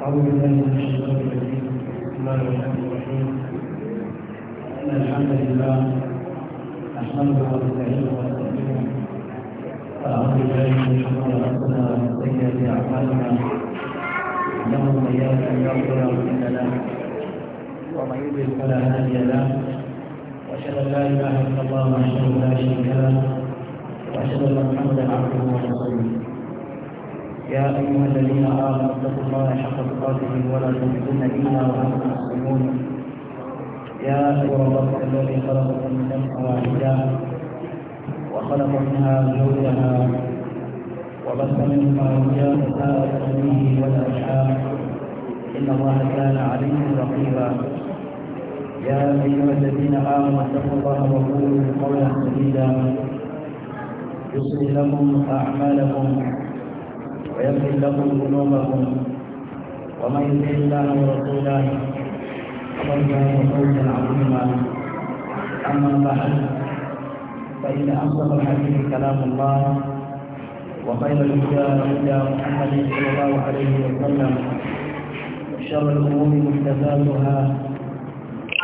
بسم الله الرحمن الرحيم إن الحمد لله نحمده ونستعينه ونستغفره أعوذ بالله من شرور أنفسنا ومن سيئات أعمالنا إنه من يهده الله فلا ومن يضلل فلا هادي له وأشهد أن لا إله إلا الله وحده لا شريك له وأشهد أن محمدا عبده ورسوله يا أيها الذين آمنوا اتقوا الله حق تقاته ولا تموتن إلا وأنتم مسلمون يا أيها الرب الذي خلقكم من نفس واحدة وخلق منها زوجها وبث منهما رجالا ساءت به والأرحام إن الله كان عليم رقيبا يا أيها الذين آمنوا اتقوا الله وقولوا قولا سديدا يصلح لكم أعمالكم ويغفر لكم ذنوبكم ومن يطع الله ورسوله فقد كان فوزا عظيما اما بعد فان اصدق الحديث كلام الله وخير الهدى هدى محمد صلى الله عليه وسلم وشر الامور محدثاتها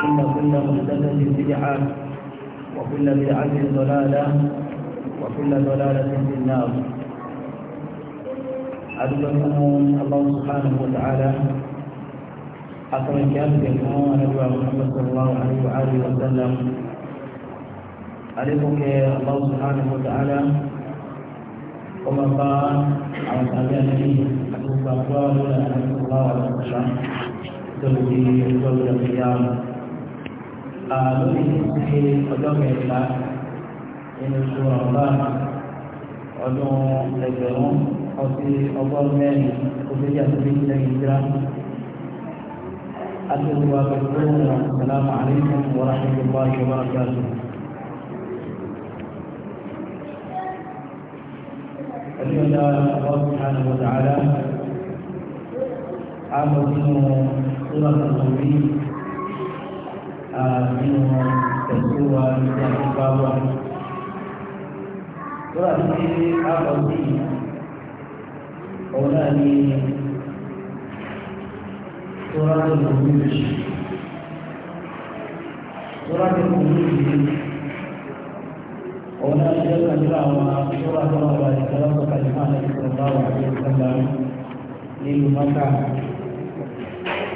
ان كل محدثه بدعه وكل بدعه ضلاله وكل ضلاله في النار adúgbò fún Allahu subhanahu wa ta'ala àtọ̀rọ̀ ìkẹ́ àtìkẹ́ fún anábíwá Muhammad sallallahu alayhi wa alihi wa sallam adékòkè Allahu subhanahu wa ta'ala ọmọ bá àwọn tàbí àti àti gbogbo àwọn lórí àwọn sallallahu alayhi wa sallam tó lè di ọjọ́ ìjọba ìyá lórí ti ọjọ́ mẹ́ta nínú ìṣòro ọ̀la ọdún ẹgbẹ̀rún ọtí ọgọ́rùn mẹ́rin òṣèlú àtúndé ìjìnlẹ̀ ìjìnlẹ̀ àtúndéwà pẹ̀lú ọ̀sálàmù àlẹ́kùn wọ́n àtúndé bá ìjọba àti àtúndé. ẹ̀sìn ọ̀dà ọ̀sán àti ọ̀dà àdá àmọ̀ nínú sọ́dọ̀ àtàkùnrin nínú tẹ̀síwá ní àtúndé bá wà. sọ́dọ̀ àti àkọ́sí òun náà ní tóràtò lòmùjì tóràtò lòmùjì òun náà ṣe kàdúrà àwọn tóràtò àwọn ìṣẹ́lọ́sọ kàdúrà àti ìṣẹ́lọ́sọ àwọn ìṣẹ́lọ́sọ nílùú mọ́tà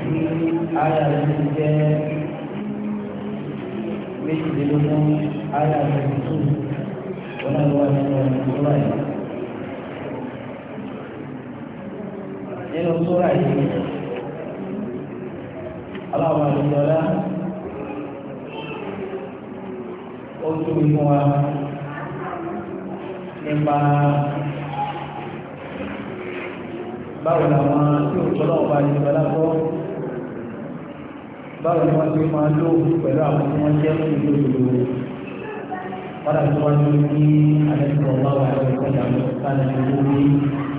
ní àyà rẹ̀ jẹ́ méjìlélógún àyà rẹ̀ tù òun náà lọ́wọ́ ìṣẹ́lọ́sọ nínú sóra yìí aláwọ̀ àdìyọ́lá ó tóbi fún wa nípa báwo làwọn tí ó tọ́lọ́ ọba àdìyọ́lá gbọ́ báwo ni wọ́n ti máa lò pẹ̀lú àwọn tí wọ́n jẹ́ fún ìlú padà tó wájú ní alẹ́ tó wọ́n bá wà lọ́wọ́ ìpínlẹ̀ àwọn ìpínlẹ̀ àwọn ìlú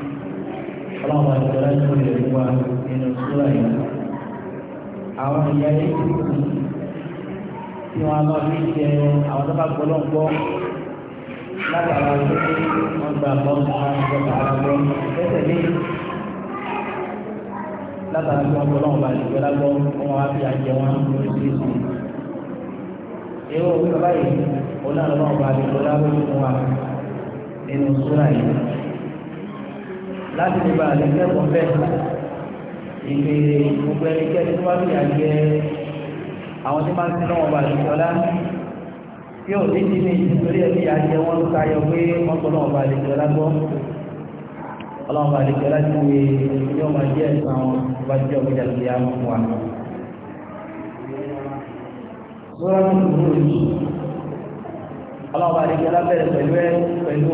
ọlọ́run bá jọ láti fún ilẹ̀ wa nínú sóra yìí. àwọn ìyá yìí tí wọ́n lọ sí jẹ àwọn tó bá gbọ́dọ̀ ń gbọ́ látara pé wọ́n gba bọ́ wọn gbọ́ tààrà gbọ́ lẹ́sẹ̀ ní látara pé wọ́n gbọ́dọ̀ ń bá jọ lágbọ́ wọn wá fi àjẹ wọn lórí sí ìsìn. èrò òkú báyìí ọlọ́run bá jọ lágbọ́ fún wa nínú sóra yìí láti lè bá àlè kẹ́kọ̀ọ́ bẹ́ẹ̀ ìpè gbogbo ẹnikẹ́ni tó bá fi àjẹ àwọn tí máa ń sinú ọba àlejòlá tí ò ní dìní nítorí ẹbí àjẹ wọn ń tayọ pé wọn kọ náà ọba àlejòlá gbọ́ ọlọ́run ọba àlejòlá ti wé ilé ọmọ díẹ̀ sàn wọn bá jẹ́ ọ̀gbẹ́jà tó yá wọn wà. Sọ́rọ́ mi kúrò yìí ọlọ́run ọba àlejòlá bẹ̀rẹ̀ pẹ̀lú ẹ pẹ̀lú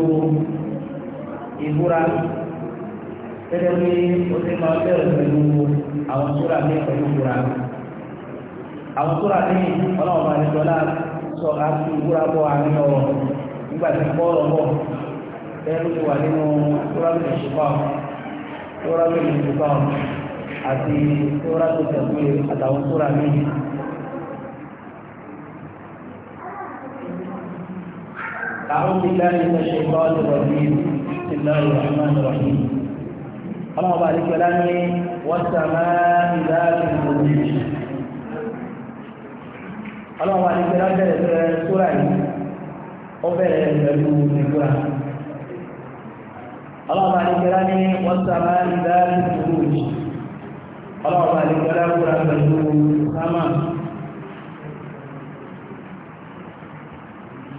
ìbúra gẹ́gẹ́ bí o ti máa bẹ̀rẹ̀ pẹ̀lú àwọn tó rà ní pẹ̀lú ìwúra àwọn tó rà ní ọlọ́run máa ní sọlá sọ àti ìwúra bọ̀ àárín ọ̀rọ̀ nígbà tí bọ́ ọ̀rọ̀ bọ̀ gẹ́gẹ́ bí o ti wà nínú tórábìlì ìṣùpá tórábìlì ìṣùpá àti tórábìlì ìṣẹ̀kúlẹ̀ àtàwọn tó rà ní أعوذ بالله من الشيطان الرجيم بسم الله الرحمن الرحيم ọlọ́wọ́ bá lè jọlá ní wọ́sàmá ìdáàbò ìgbòmí ọlọ́wọ́ bá lè jọlá bẹ̀rẹ̀ bẹ̀rẹ̀ sóra yìí ó bẹ̀rẹ̀ pẹ̀lú ìgbòra ọlọ́wọ́ bá lè jọlá ní wọ́sàmá ìdáàbò ìgbòmí ọlọ́wọ́ bá lè jọlá kúra pẹ̀lú sámà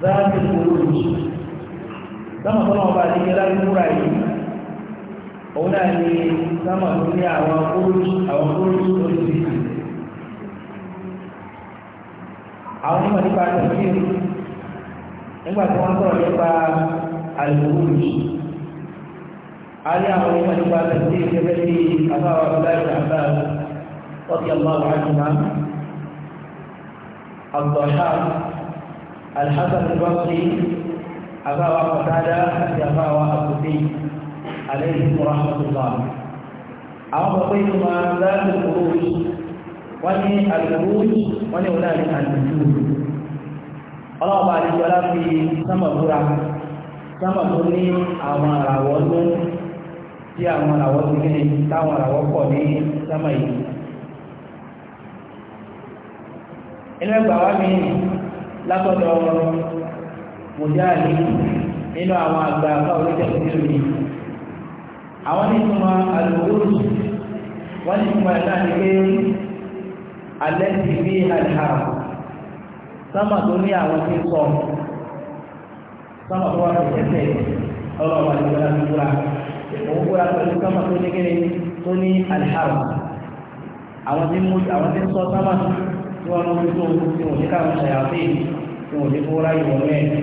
dáàbò ìgbòmí sámà tọ́lọ́wọ́ bá lè jọlá kúra yìí. òun náà ni sámà tó ní àwọn kúrúsù àwọn kúrúsù oríṣiríṣi àwọn onímọ̀ nípa tẹ̀síìn nígbà tí wọ́n sọ̀rọ̀ nípa àlùkùrúsù a ní àwọn onímọ̀ nípa tẹ̀síìn gẹ́gẹ́ bí afáwà ọ̀dáyé àbá ọ̀kì ọ̀gbọ́n àjùmá àgbọ̀ṣà alhassan ìbọ̀sí afáwà ọ̀dáyé àti afáwà àbùdé عليهم ورحمة الله أو بقيت ما ذات الخروج وني الخروج وني هنالك النجوم الله بعد الجلال في سما برا سما بني أما راوض tí àwọn àràwọ̀ ti kí ni táwọn àràwọ̀ pọ̀ ní sẹ́mọ̀ yìí ẹlẹ́gbàá إنه látọ̀dọ̀ mọ̀jáàlì nínú àwọn àgbà àwọn nítumọ̀ alùpùpù wọ́n nítumọ̀ ẹ̀dá ni pé alẹ́ ti bí àìhàrà sámà tó ní àwọn tí ń sọ sámà tó wà ní ẹsẹ̀ ọlọ́wà ní ìgbàlá tó kúra òun kúra pẹ̀lú sámà tó ní kéré tó ní àìhàrà àwọn tí ń mú àwọn tí ń sọ sámà tí wọ́n lórí tó tí wọ́n ní káwọn ṣàyàfẹ́ tí wọ́n ní kó ráyè wọ́n mẹ́rin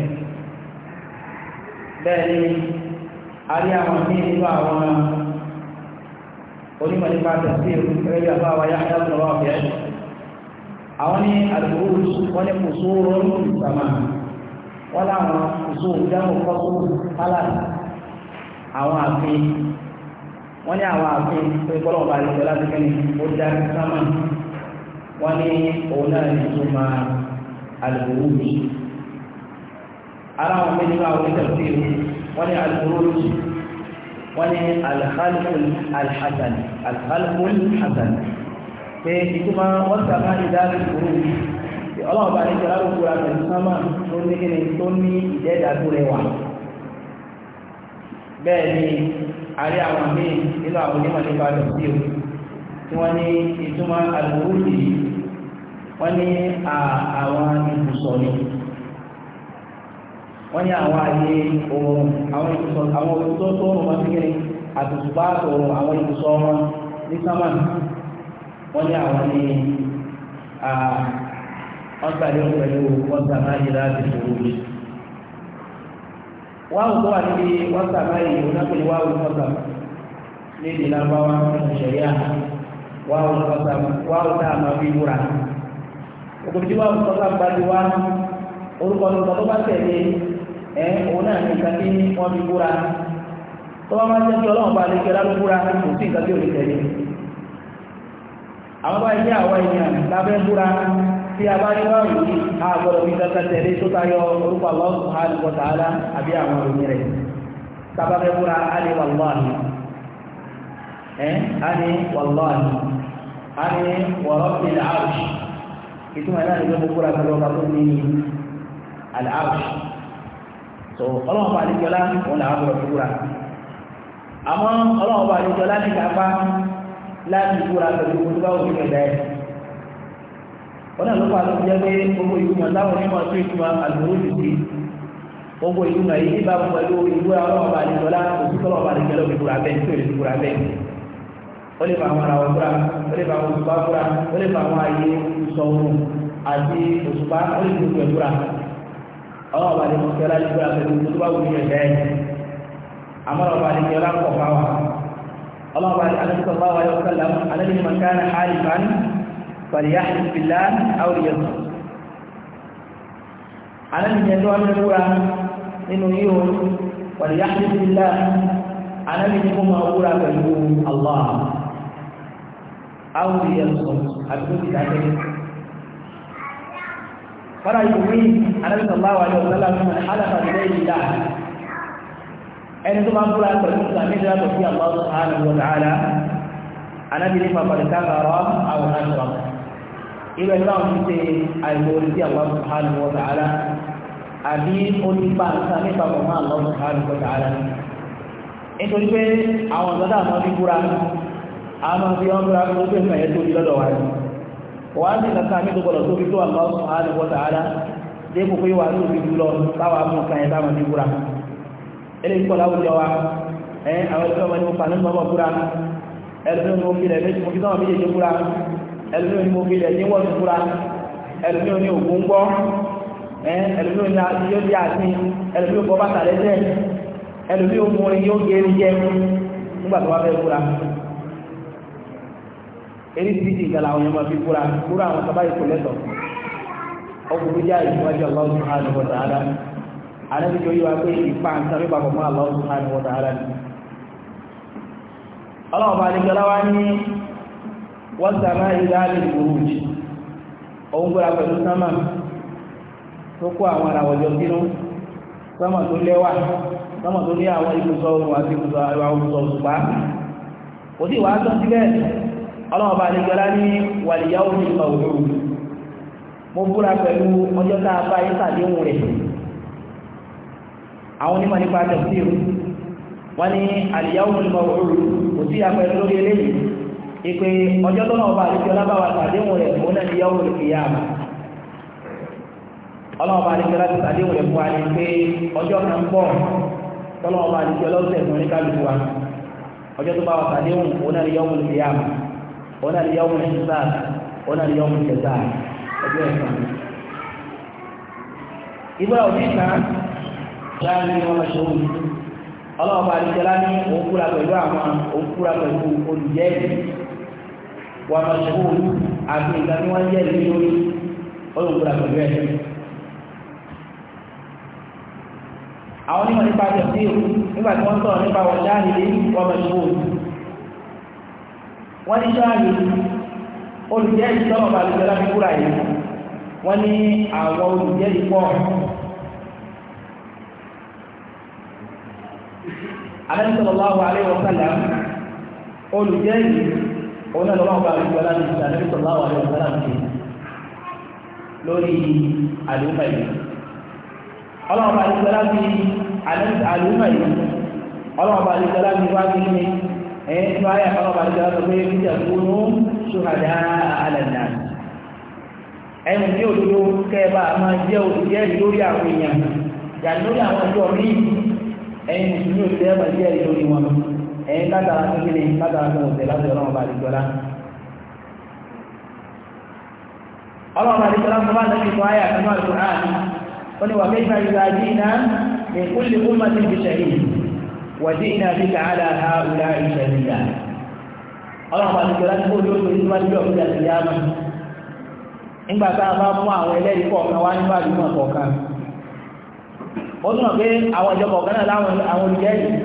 bẹ́ẹ̀ ni àrí àwọn ní ìlú àwọn onímọ̀ nípa tẹ̀sí ìrẹ́lẹ̀ àbáwá yáyá lọ́wọ́ ọ̀fẹ́ àwọn ní àdúgbò wọn ní kò sóòrò ìsàmà wọn láwọn kò sóòrò jámọ̀ kọ́sù hálà àwọn àfin wọn ní àwọn àfin pé kọ́lọ̀ ọba àlejò láti kẹ́ni wọ́n ní alìmúròjì wọ́n ní alìhálùkùn alìhàzàn alìhálùkùn alìhàzàn pé ìtumọ̀ wọ́n sábà ní dáàbì kúrò pé ọlọ́run bá ní jọlá gbogbo ra pẹ̀lú sámà tó ní kíni tó ní ìdẹ́dàgbò rẹ̀ bẹ́ẹ̀ ni àrí àwọn míì nínú àwọn onímọ̀ nípa rẹ̀ sí o tí wọ́n ní ìtumọ̀ alìmúròjì wọ́n ní àwọn ibùsọ̀ ni wọ́n ní àwọn àyè oòrùn àwọn ibùsọ̀ àwọn olùtọ́ tó rùn wọn kékeré àtùtùpá àtòrùn àwọn ibùsọ̀ wọn ní sámà wọ́n ní àwọn ní ọ̀sàlẹ̀ pẹ̀lú ọ̀sàmá yìí láti ṣòro mi. wáwù tó wà níbi ọ̀sàmá yìí onápẹ̀lú wáwù ọ̀sàmá níbi lábáwá ìṣẹ̀yà wáwù ọ̀sàmá wáwù tá a máa fi wúra. òkùnrin tí wáwù ọ̀sàmá bá ti ẹ̀ òun náà ní nǹkan tí wọ́n fi búra tó bá máa jẹ́ kí ọlọ́run bá lè kẹ́lá ló búra kò sí nǹkan tí ò lè tẹ̀lé àwọn bá ilé àwọn ènìyàn lábẹ́ búra tí a bá yíwá yìí a gbọ́dọ̀ fi kankan tẹ̀lé tó tayọ orúkọ Allah subhanahu wa ta'ala so ọlọ́wọ́n bá àdéjọlá wọn làwọn bọ̀rọ̀ fi wúra àmọ́ ọlọ́wọ́n bá àdéjọlá ní kápá láti wúra pẹ̀lú gbogbo bá òfin ẹ̀dá ẹ̀ wọn náà ló fà ló jẹ́ pé gbogbo ìgbìmọ̀ táwọn onímọ̀ tó ìtumọ̀ àlùmọ́ òṣìṣẹ́ gbogbo ìgbìmọ̀ yìí bá pẹ̀lú ìwúra ọlọ́wọ́n bá àdéjọlá òṣìṣẹ́ ọlọ́wọ́n bá àdéjọlá òfin wúra bẹ́ẹ̀ tó ìlú wúra bẹ́ẹ̀ ó lè fa àwọn ara wọn ọlọ́run ọba ní mọ̀tí ọlá nígbà pẹ̀lú tó bá wùdí ẹ̀dá ẹ̀ àmọ́ràn ọba ní ọlá ń kọ̀ọ̀fà wa ọlọ́run ọba ní alẹ́ sọ̀rọ̀ wa yóò kálá alẹ́ ní màkà ní àlìfàn pàlìyà ìfìlà àwòrìyà alẹ́ ní ẹjọ́ wọn lẹ́kúra nínú yíò pàlìyà ìfìlà alẹ́ ní kó máa wúra pẹ̀lú Allah àwòrìyà sọ̀rọ̀ àbí fara yomi alaihi sallallahu alaihi wasallam halafa bi ghairi Allah ẹni tó máa búra pẹ̀lú ìsàmì ìdára tó fi Allah subhanahu wa ta'ala anábi nípa pàdékà kàrọ àwọn aṣọ ibẹ̀ náà ti ṣe àìmọ̀rí sí ti bá ìsàmì wà á ní kankan mi tó gbọdọ̀ tóbi tó Allah subhanahu wa ta'ala dé kò pé wà á tóbi jùlọ táwa mú kan yẹn táwọn ti búra eléyìí kọ́ láwùjọ wa ẹ àwọn ẹgbẹ́ ọmọ ni mo fà nínú ọmọ búra ẹlòmíràn ni mo fi rẹ̀ méjì mo fi sọ́wọ́n méjèèjì búra ẹlòmíràn ni mo fi rẹ̀ níwọ̀n ti búra ẹlòmíràn ni ògùn gbọ́ ẹlòmíràn ni yóò di àti ẹlòmíràn kọ́ bàtà lẹ́sẹ̀ ẹlòmíràn mú orin yóò gé ẹni jẹ nígbà tó wá fẹ́ búra eríṣiríṣi ìgbàlá àwọn ọmọ fi kúra kúra àwọn sábà ìkó lẹ́tọ̀ ọkùnrin jẹ́ ìwájú Allah subhanahu wa ta'ala anábìjọ yíwa pé ìpa ń sáré papọ̀ mọ́ Allah subhanahu wa ta'ala ni ọlọ́ọ̀bá alẹ́gbẹ̀lá wá ní wọ́n sàmá ìdáàlì ìgbòrúj òun gbọ́ra pẹ̀lú sámà ara ọlọ́ọ̀bá àlejọ́lá ní wàlìyàwó ní ọ̀rọ̀ mo búra pẹ̀lú ọjọ́ tá a bá ìsàdéhùn rẹ̀ àwọn onímọ̀ nípa tẹ̀síìrù wọ́n ní àlìyàwó ní ọ̀rọ̀ kò sí àpẹẹrẹ lórí eléyìí ìpè ọjọ́ tó náà bá àlejọ́lá bá wà sàdéhùn rẹ̀ òun náà ni yàwó ìyáàmà ọlọ́ọ̀bá àlejọ́lá ti sàdéhùn rẹ̀ fún wa ní pé ọjọ́ kan bọ̀ tọ́lọ́ọ̀bá àlejọ́lá ọ̀sẹ̀ fún oníkàlùkù wa ọjọ́ tó bá wà sàdéhùn òun ọ̀nà ìyá ọmọ ìṣẹ́sà ọ̀nà ìyá ọmọ ìṣẹ́sà ọjọ́ ẹ̀sán. ìgbà òbí kan láàrin ọmọ ṣòwò ọlọ́ọ̀bà àdìjọlá ní òun kúra pẹ̀lú àwọn òun kúra pẹ̀lú olùjẹ́rìí wà máa ṣòwò àti ìgbà tí wọ́n jẹ́rìí lórí ọlọ́run kúra pẹ̀lú ẹ̀ àwọn onímọ̀ nípa tẹ̀síò nígbà tí wọ́n sọ̀rọ̀ nípa wọ̀ṣáàlì wọ́n ní ṣáàlì olùjẹ́ ìṣọ́nà bá lùjẹ́ láti kúrà yìí wọ́n ní àwọn olùjẹ́ ìpọ̀ alẹ́sọ̀lọ́wọ́ alẹ́wọ̀sálà olùjẹ́ yìí òun náà lọ́wọ́ bá lùjẹ́ láti kúrà alẹ́sọ̀lọ́wọ́ alẹ́wọ̀sálà ti lórí àlùmọ̀ yìí ọlọ́wọ́ bá lùjẹ́ láti àlùmọ̀ yìí ọlọ́wọ́ bá lùjẹ́ láti wá sí ní ẹ̀yìn tó ayà kan ọba àti ọ̀sọ̀ pé kíjà kúnú ṣùgbọ́dá àlànà ẹ̀yìn ní òdodo kẹba máa jẹ́ òṣìṣẹ́ lórí àwọn èèyàn yà lórí àwọn ọjọ́ míì ẹ̀yìn mùsùlùmí òṣìṣẹ́ máa jẹ́ lórí wọn ẹ̀yìn látara tó kéde látara tó wọ̀tẹ̀ láti ọ̀rọ̀ ọba àdìgbọ́lá ọlọ́run àdìgbọ́lá fún bá lẹ́yìn tó ayà kan náà lọ́rùn àná ó ní wà wàdínà bí káàdà ha ọ̀la ìṣẹ̀lẹ̀dà ọlọ́run àti ìjọba tí ó ló lórí níwájú ọ̀gbìn àti yáàmù nígbà tá a bá mú àwọn ẹlẹ́rìí kọ̀ọ̀kan wá nípa àdúgbò kọ̀ọ̀kan ó túnmọ̀ pé àwọn ìjọ kọ̀ọ̀kan náà láwọn àwọn olùjẹ́rìí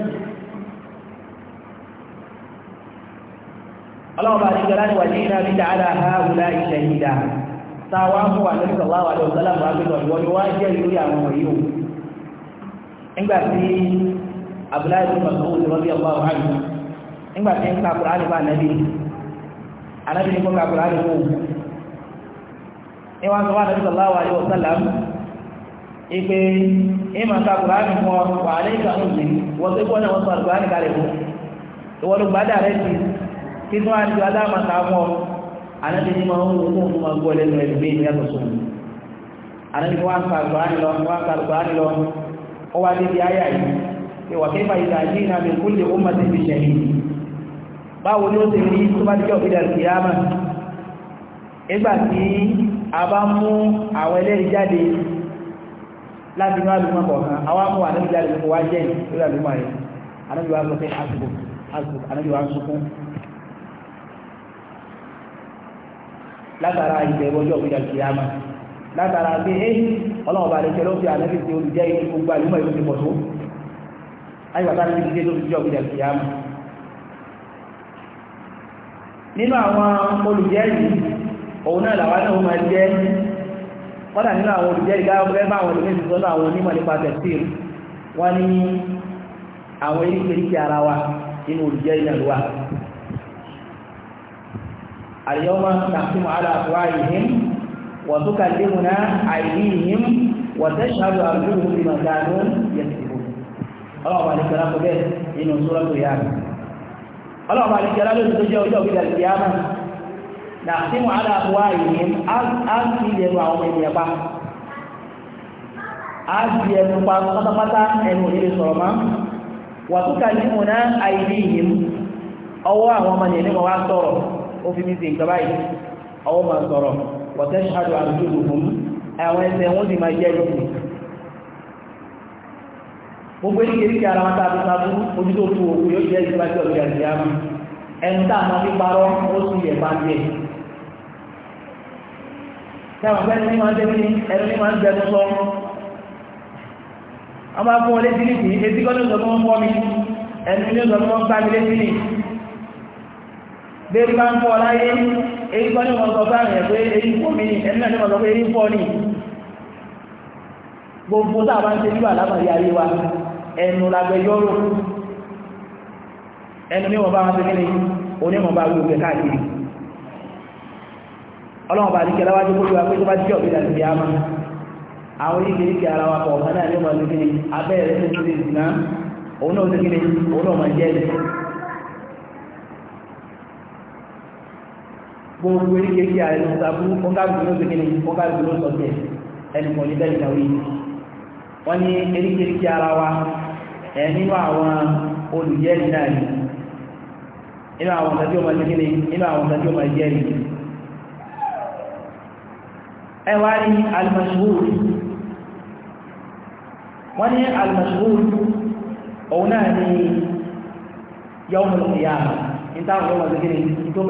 ọlọ́run àti ìjọba ni wàdínà bí káàdà ha ọ̀la ìṣẹ̀lẹ̀dà táwa mú wà lórí sọ̀lá wà na sọ̀lá wà lórí wọ́n ni wá abdullahi bin masoud radiyallahu anhu nígbà tí ń ka kùránì bá nàbí anábì ní kó ka kùránì mú ní wọn sọ wà nàbí sallallahu alaihi wasallam ipe ìmọ̀ ka kùránì mú ọ wà á lè ka ń sìn wọ́n tó kọ́ náà wọ́n sọ kùránì kalẹ̀ mú ìwọ́n ló gbádà rẹ̀ sí kí tí wọ́n á ti adáàmà ká mú ọ anábì ní máa ń wù kó fún ọgbọ́ lẹ́nu ẹ̀ lùmí ìyàtọ̀ sọ̀rọ̀ anábì ní wọ́n ka kùránì lọ wọ́n ka kùránì lọ ó wà kẹfà ìdájí na min kulli ummatin bi shahid báwo ni ó ti rí tó bá díjọ́ ìdá ìyámà nígbà tí a bá mú àwọn ẹlẹ́rìí jáde láti inú àlùmọ́ kọ̀ọ̀kan àwọn amú ànábì jáde kò wá jẹ́ lórí àlùmọ́ rẹ̀ ànábì wá sọ pé àsìkò ànábì wá sunkún látara ìbẹ̀rù ọjọ́ ìdá ìyámà látara pé ọlọ́ọ̀bà rẹ̀ jẹ́ ló fi ànábì tí olùjẹ́ ìlú gbogbo àlùmọ́ ìlú ti pọ̀ tó ayọ̀bá ti dé lórí jọ ìdà ìyàmù nínú àwọn olùjẹ́rìí òun náà làwọn náà máa jẹ́ kọ́dà nínú àwọn olùjẹ́rìí gáwọ́gbẹ́bà àwọn olùmẹ́sì sọ́nà àwọn onímọ̀ nípa tẹ̀síl wọ́n ní àwọn eríkèríkè ara wa nínú olùjẹ́rìí náà wà àríyọ́mọ́ tàbímọ̀ aláàfíwá ìhìn wọ̀túkà lé ọlọ́ọ̀bà ní kẹlá kọjẹ́ inú súnrọ́ tó yára ọlọ́ọ̀bà ní kẹlá lóṣù tó jẹ́ ọjọ́ òkúta ti yára na tí wọ́n á dáàbòwá ìyẹn á sí ilẹ̀nu àwọn ọmọ ènìyàn pa á sí ẹnu pa pátápátá ẹnu òní lè sọ̀rọ̀ mọ́ wà tó ká ní mọ̀ náà àìrí ìyẹn ọwọ́ àwọn ọmọ ènìyàn gbogbo ní kéríkì ara wọn tàbí tàbí ojú tó tu òkú yóò jẹ́ ìjọba tí ọ̀gbìn àti àmì ẹni tá àmọ́ fi parọ́ ó sì yẹ̀ bá jẹ́ tẹ́wọ̀n pẹ́ni ní máa ń tẹ́ni ẹni ní máa ń bẹnu sọ wọ́n bá fún ọ létí nìkì etí kọ́ ní ìjọba wọn fọ́ mi ẹni ní ìjọba wọn gbá mi létí nì bẹ́ẹ̀ bá ń fọ́ láyé èyí kọ́ ní wọn fún àrùn ẹ̀ gbogbo tá ń ṣe nígbà lábàáyé ayé wa ẹnu lágbẹjọ́rò ẹnu ní wọ́n bá wọn tẹ́kẹ́lẹ̀ onímọ̀ bá gbogbo káàkiri ọlọ́wọ́n bá ní kẹlá wájú kó wíwá pé tó bá jẹ́ ọ̀gbẹ́dà ti di àmà àwọn oríkèríkè ara wa pọ̀ ọ̀kan náà ní wọ́n tẹ́kẹ́lẹ̀ abẹ́rẹ́ tó tẹ́kẹ́lẹ̀ ìsìná òun náà tẹ́kẹ́lẹ̀ òun náà máa jẹ́ gbogbo oríkèríkè ara ẹni sàbúrú kọ́ńgàgbìn ló tẹ́kẹ́lẹ̀ kọ́ńgàgbìn ló sọ ẹ̀ nínú àwọn olùjẹ́rì náà ni inú àwọn ọ̀sán tí ó máa jẹ́ kíni inú àwọn ọ̀sán tí ó máa jẹ́rì ẹ wá ní al-mashhur wọ́n ní al-mashhur òun náà ni yawmul qiyamah níta àwọn ọmọ ìgbèrè tó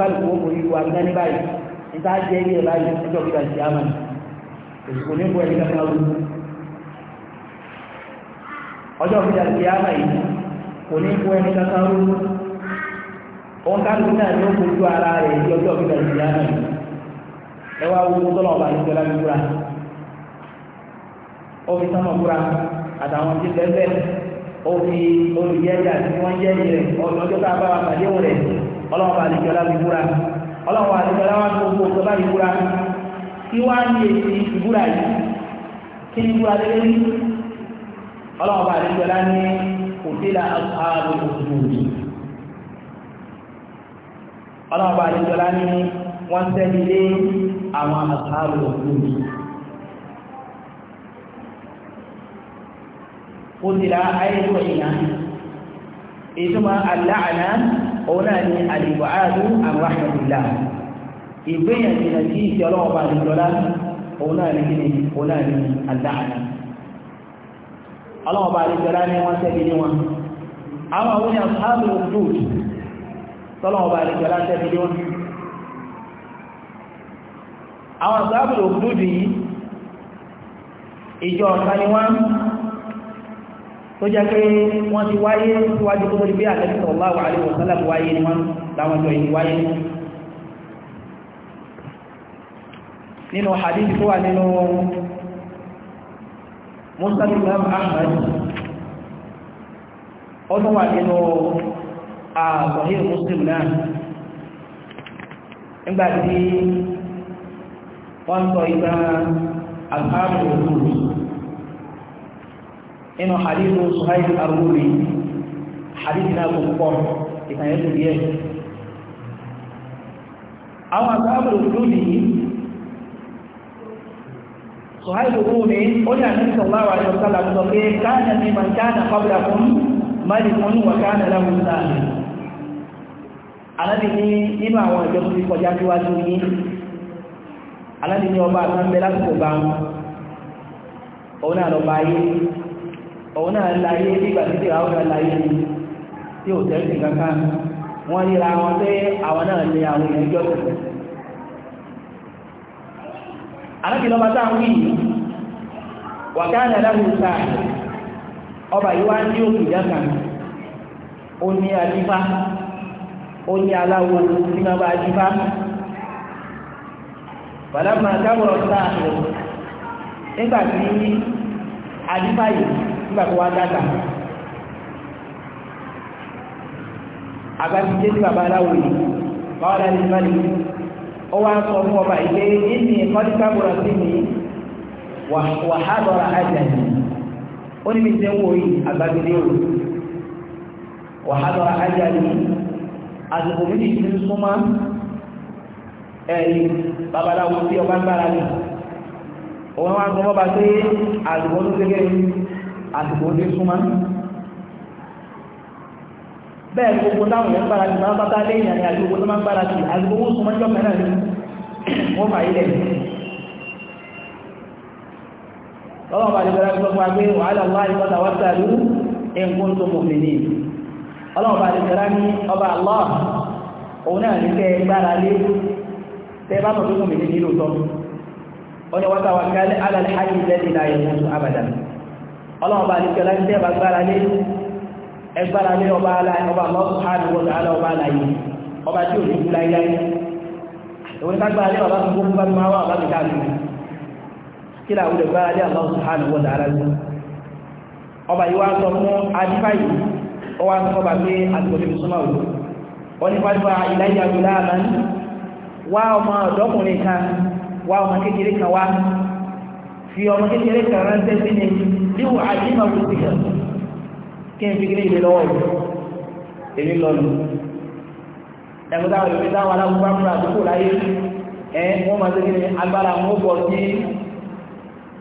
bá ọjọ́ ìjà dị yá náà yìí kò ní kó ẹni kankan rú òun náà ni ó kojú ara rẹ̀ ní ọjọ́ ìjà ti yá náà yìí ẹ wá tọ́lọ̀ ọba ó fi sánmọ̀ àtàwọn bẹ́ẹ̀ ó fi olùyẹ́jà tí wọ́n ọjọ́ pàdé rẹ̀ kí wá ní èsì yìí ọlọ́wọ́ bá àdéjọ́ lá ní kòtílà ààbò òṣùwòdì ọlọ́wọ́ bá àdéjọ́ lá ní wọ́n tẹ́lẹ̀ lé àwọn ààbò òṣùwòdì kòtílà ayélujára ìyá ìtumọ̀ aláàlá òun náà ni àdìbò ààbò àwọn àṣàbìlá ìgbéyànjú náà sí ìṣẹ́ bá àdéjọ́ lá òun náà ni ọlọ́wọ̀n ọba lè jọra ní wọ́n tẹ́bi ní wọn àwọn àwọn ènìyàn sáàbì òdúd tọ́lọ́wọ̀n bá lè jọra tẹ́bi ní wọn àwọn sáàbì òdúd yìí ìjọ ọ̀kan ni wọ́n tó jẹ́ pé wọ́n ti wáyé síwájú tó lórí bí jọ mọ́sálì imam ahmad ọdún wà nínú àgbọ̀hí muslim náà nígbàtí wọ́n sọ ìgbà alhamdu olùrù nínú hadithu suhaib arúgbì hadithi náà kò pọ̀ tó yẹ àwọn alhamdu olùrù sọ̀háìlú rúmi ó ní àmì sọ̀rọ̀ àwọn àjọ sálà sọ pé káàna ní ma káàna kọ́bílà fún mẹ́rìnkún wà káàna láwùn sáàmì alábi ní nínú àwọn ìjọ tó ti kọjá síwájú yìí alábi ní ọba àtàǹbẹ lásìkò bá wọn òun náà lọba ayé òun náà láyé nígbà títí àwọn náà láyé ni tí ò tẹ́sí kankan wọ́n ríra wọn pé àwọn alábìlọ́ba tá ń wí wàkánà láwùú sáà ọba yìí wá ní òkè ìjáka ó ní àdífá o ní aláwo tí máa bá àdífá bàlámà dábọ̀rọ̀ sáà nígbà tí àdífá yìí nígbà tó wá dáta àgbàtí jẹ́ sí bàbá aláwo yìí báwọn láti ó wá sọ fún ọba ìgbé ìní kọ́díkàbọ̀rọ̀ sí mi wàhádọ́ra àjàní ó ní mi ṣe ń wò yìí àgbàgbélé o wàhádọ́ra àjàní àsìkò méjì ti ń súnmọ́ ẹ̀yìn babaláwo tí ọba ń bára ní òun wá sọ fún ọba pé àsìkò tó ṣe kéré àsìkò tó súnmọ́ bẹ́ẹ̀ gbogbo táwọn yẹn gbára jù máa bá tálé ìyàní àti gbogbo tó máa gbára jù àti gbogbo oṣù mọ́jọ́ mẹ́rẹ̀ ní wọ́n fà ilẹ̀ lọ́wọ́ bá lè bẹ̀rẹ̀ gbogbo agbé wàhálà wà ní kọ́ta wọ́ta rú ẹ̀kún tó mọ̀ mí ní ọlọ́wọ́ bá lè bẹ̀rẹ̀ ní ọba Allah òun náà ní kẹ́ gbára lé tẹ́ tó mọ̀ mí ẹgbára lé ọba aláì ọba mọ́sùlùmí wọ́n àlá ọba aláì ọba tí ò ní kúlá ilá yìí ìwọ́n tágbà lé ọba tó gbogbo bá máa wà bá mi káàkiri kí làwọn olè gbára lé ọba mọ́sùlùmí wọ́n àlá yìí ọba yìí wá sọ fún adífà yìí ó wá sọ bá pé àtìkò tó fi súnmọ́ òdu ó ní fi ọmọ kékeré kan ránṣẹ́ sí ni bí wọ́n àdínmọ̀ wò kí n fi kí ní ìlú lọ́wọ́ yìí èmi lọ́nu ẹ̀kọ́ táwọn ìlú táwọn alágbó bá múra àdúgbò láyé ẹ̀ wọ́n máa ṣe kí ní agbára wọn ó bọ̀ sí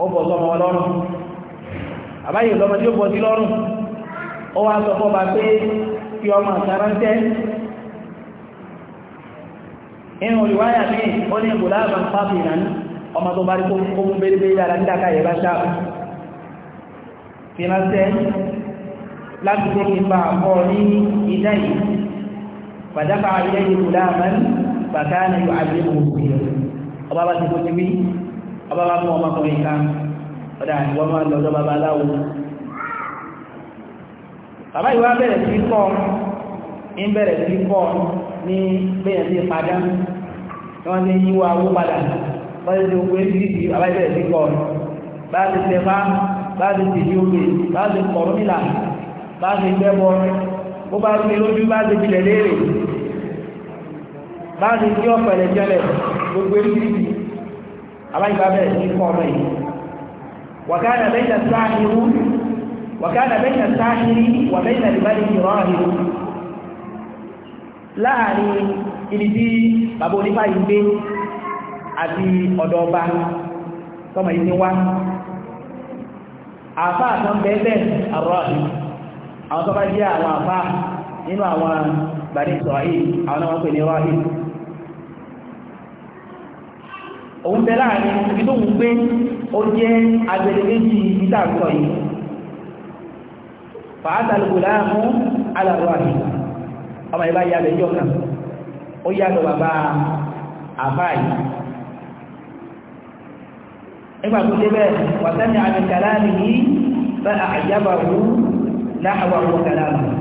ó bọ̀ sọmọ ọlọ́run àbáyé lọ́mọ tí ó bọ̀ sí lọ́rùn ó wá sọ fọ́ba pé kí ọmọ àtàrántẹ́ inú olùwáyà ní ó ní ìbùlá àbá pápì ìrànú ọmọ tó bá rí kó mú bẹ́rẹ̀ bẹ́rẹ̀ dáadáa ní dáka yẹ bá ṣáà fi ránṣẹ́ láti jẹ́ kí n bá kọ́ ní iná yìí fàdákà ilé yìí kúlá àmán bàtà ní ìwà àbílẹ̀ mọ̀ òkú yẹn ọba bá ti kó ti wí ọba bá mú ọmọkùnrin kan ọ̀dà ìwọ́n máa lọ ọ̀dọ́ babaláwo bàbá ìwà bẹ̀rẹ̀ sí kọ́ ń bẹ̀rẹ̀ sí kọ́ ní bẹ́yẹn sí padà wọ́n ti yíwa owó padà wọ́n ti gbogbo ẹ́sìdìdì bá ṣe gbẹ́bọ bó bá rí lójú bá ṣe bilẹ̀ léèrè bá ṣe kí ọ̀pẹ̀lẹ̀ jẹlẹ̀ gbogbo èyí aláìgbà bẹ̀rẹ̀ sí kọ́ ọmọ yìí wàkánà lẹ́yìn sáàhìrú wàkánà lẹ́yìn sáàhìrí wà lẹ́yìn àdìbálẹ̀ ìrọ̀hìrú láàrin ibi tí àti ọ̀dọ̀ ọba tọmọ yìí àfáà kan bẹ́ẹ̀ bẹ́ẹ̀ àrọ̀ àdìbò àwọn tó bá jẹ́ àwọn àfá nínú àwọn Bani Isra'il àwọn náà wọ́n pè ní rahim òun bẹ láàrin ibi tó ń gbé ó jẹ́ agbẹ̀lẹ́gbẹ̀jì ìtàkùn yìí fàátàlùkù láàmú alàrọ̀hìn ọmọ ìbá yà bẹ̀ yọ́kà ó yà lọ bàbá àfáàyì àmì kàláàmì yìí bá àyàbà láàwọ̀ àwọn ọ̀gára rẹ̀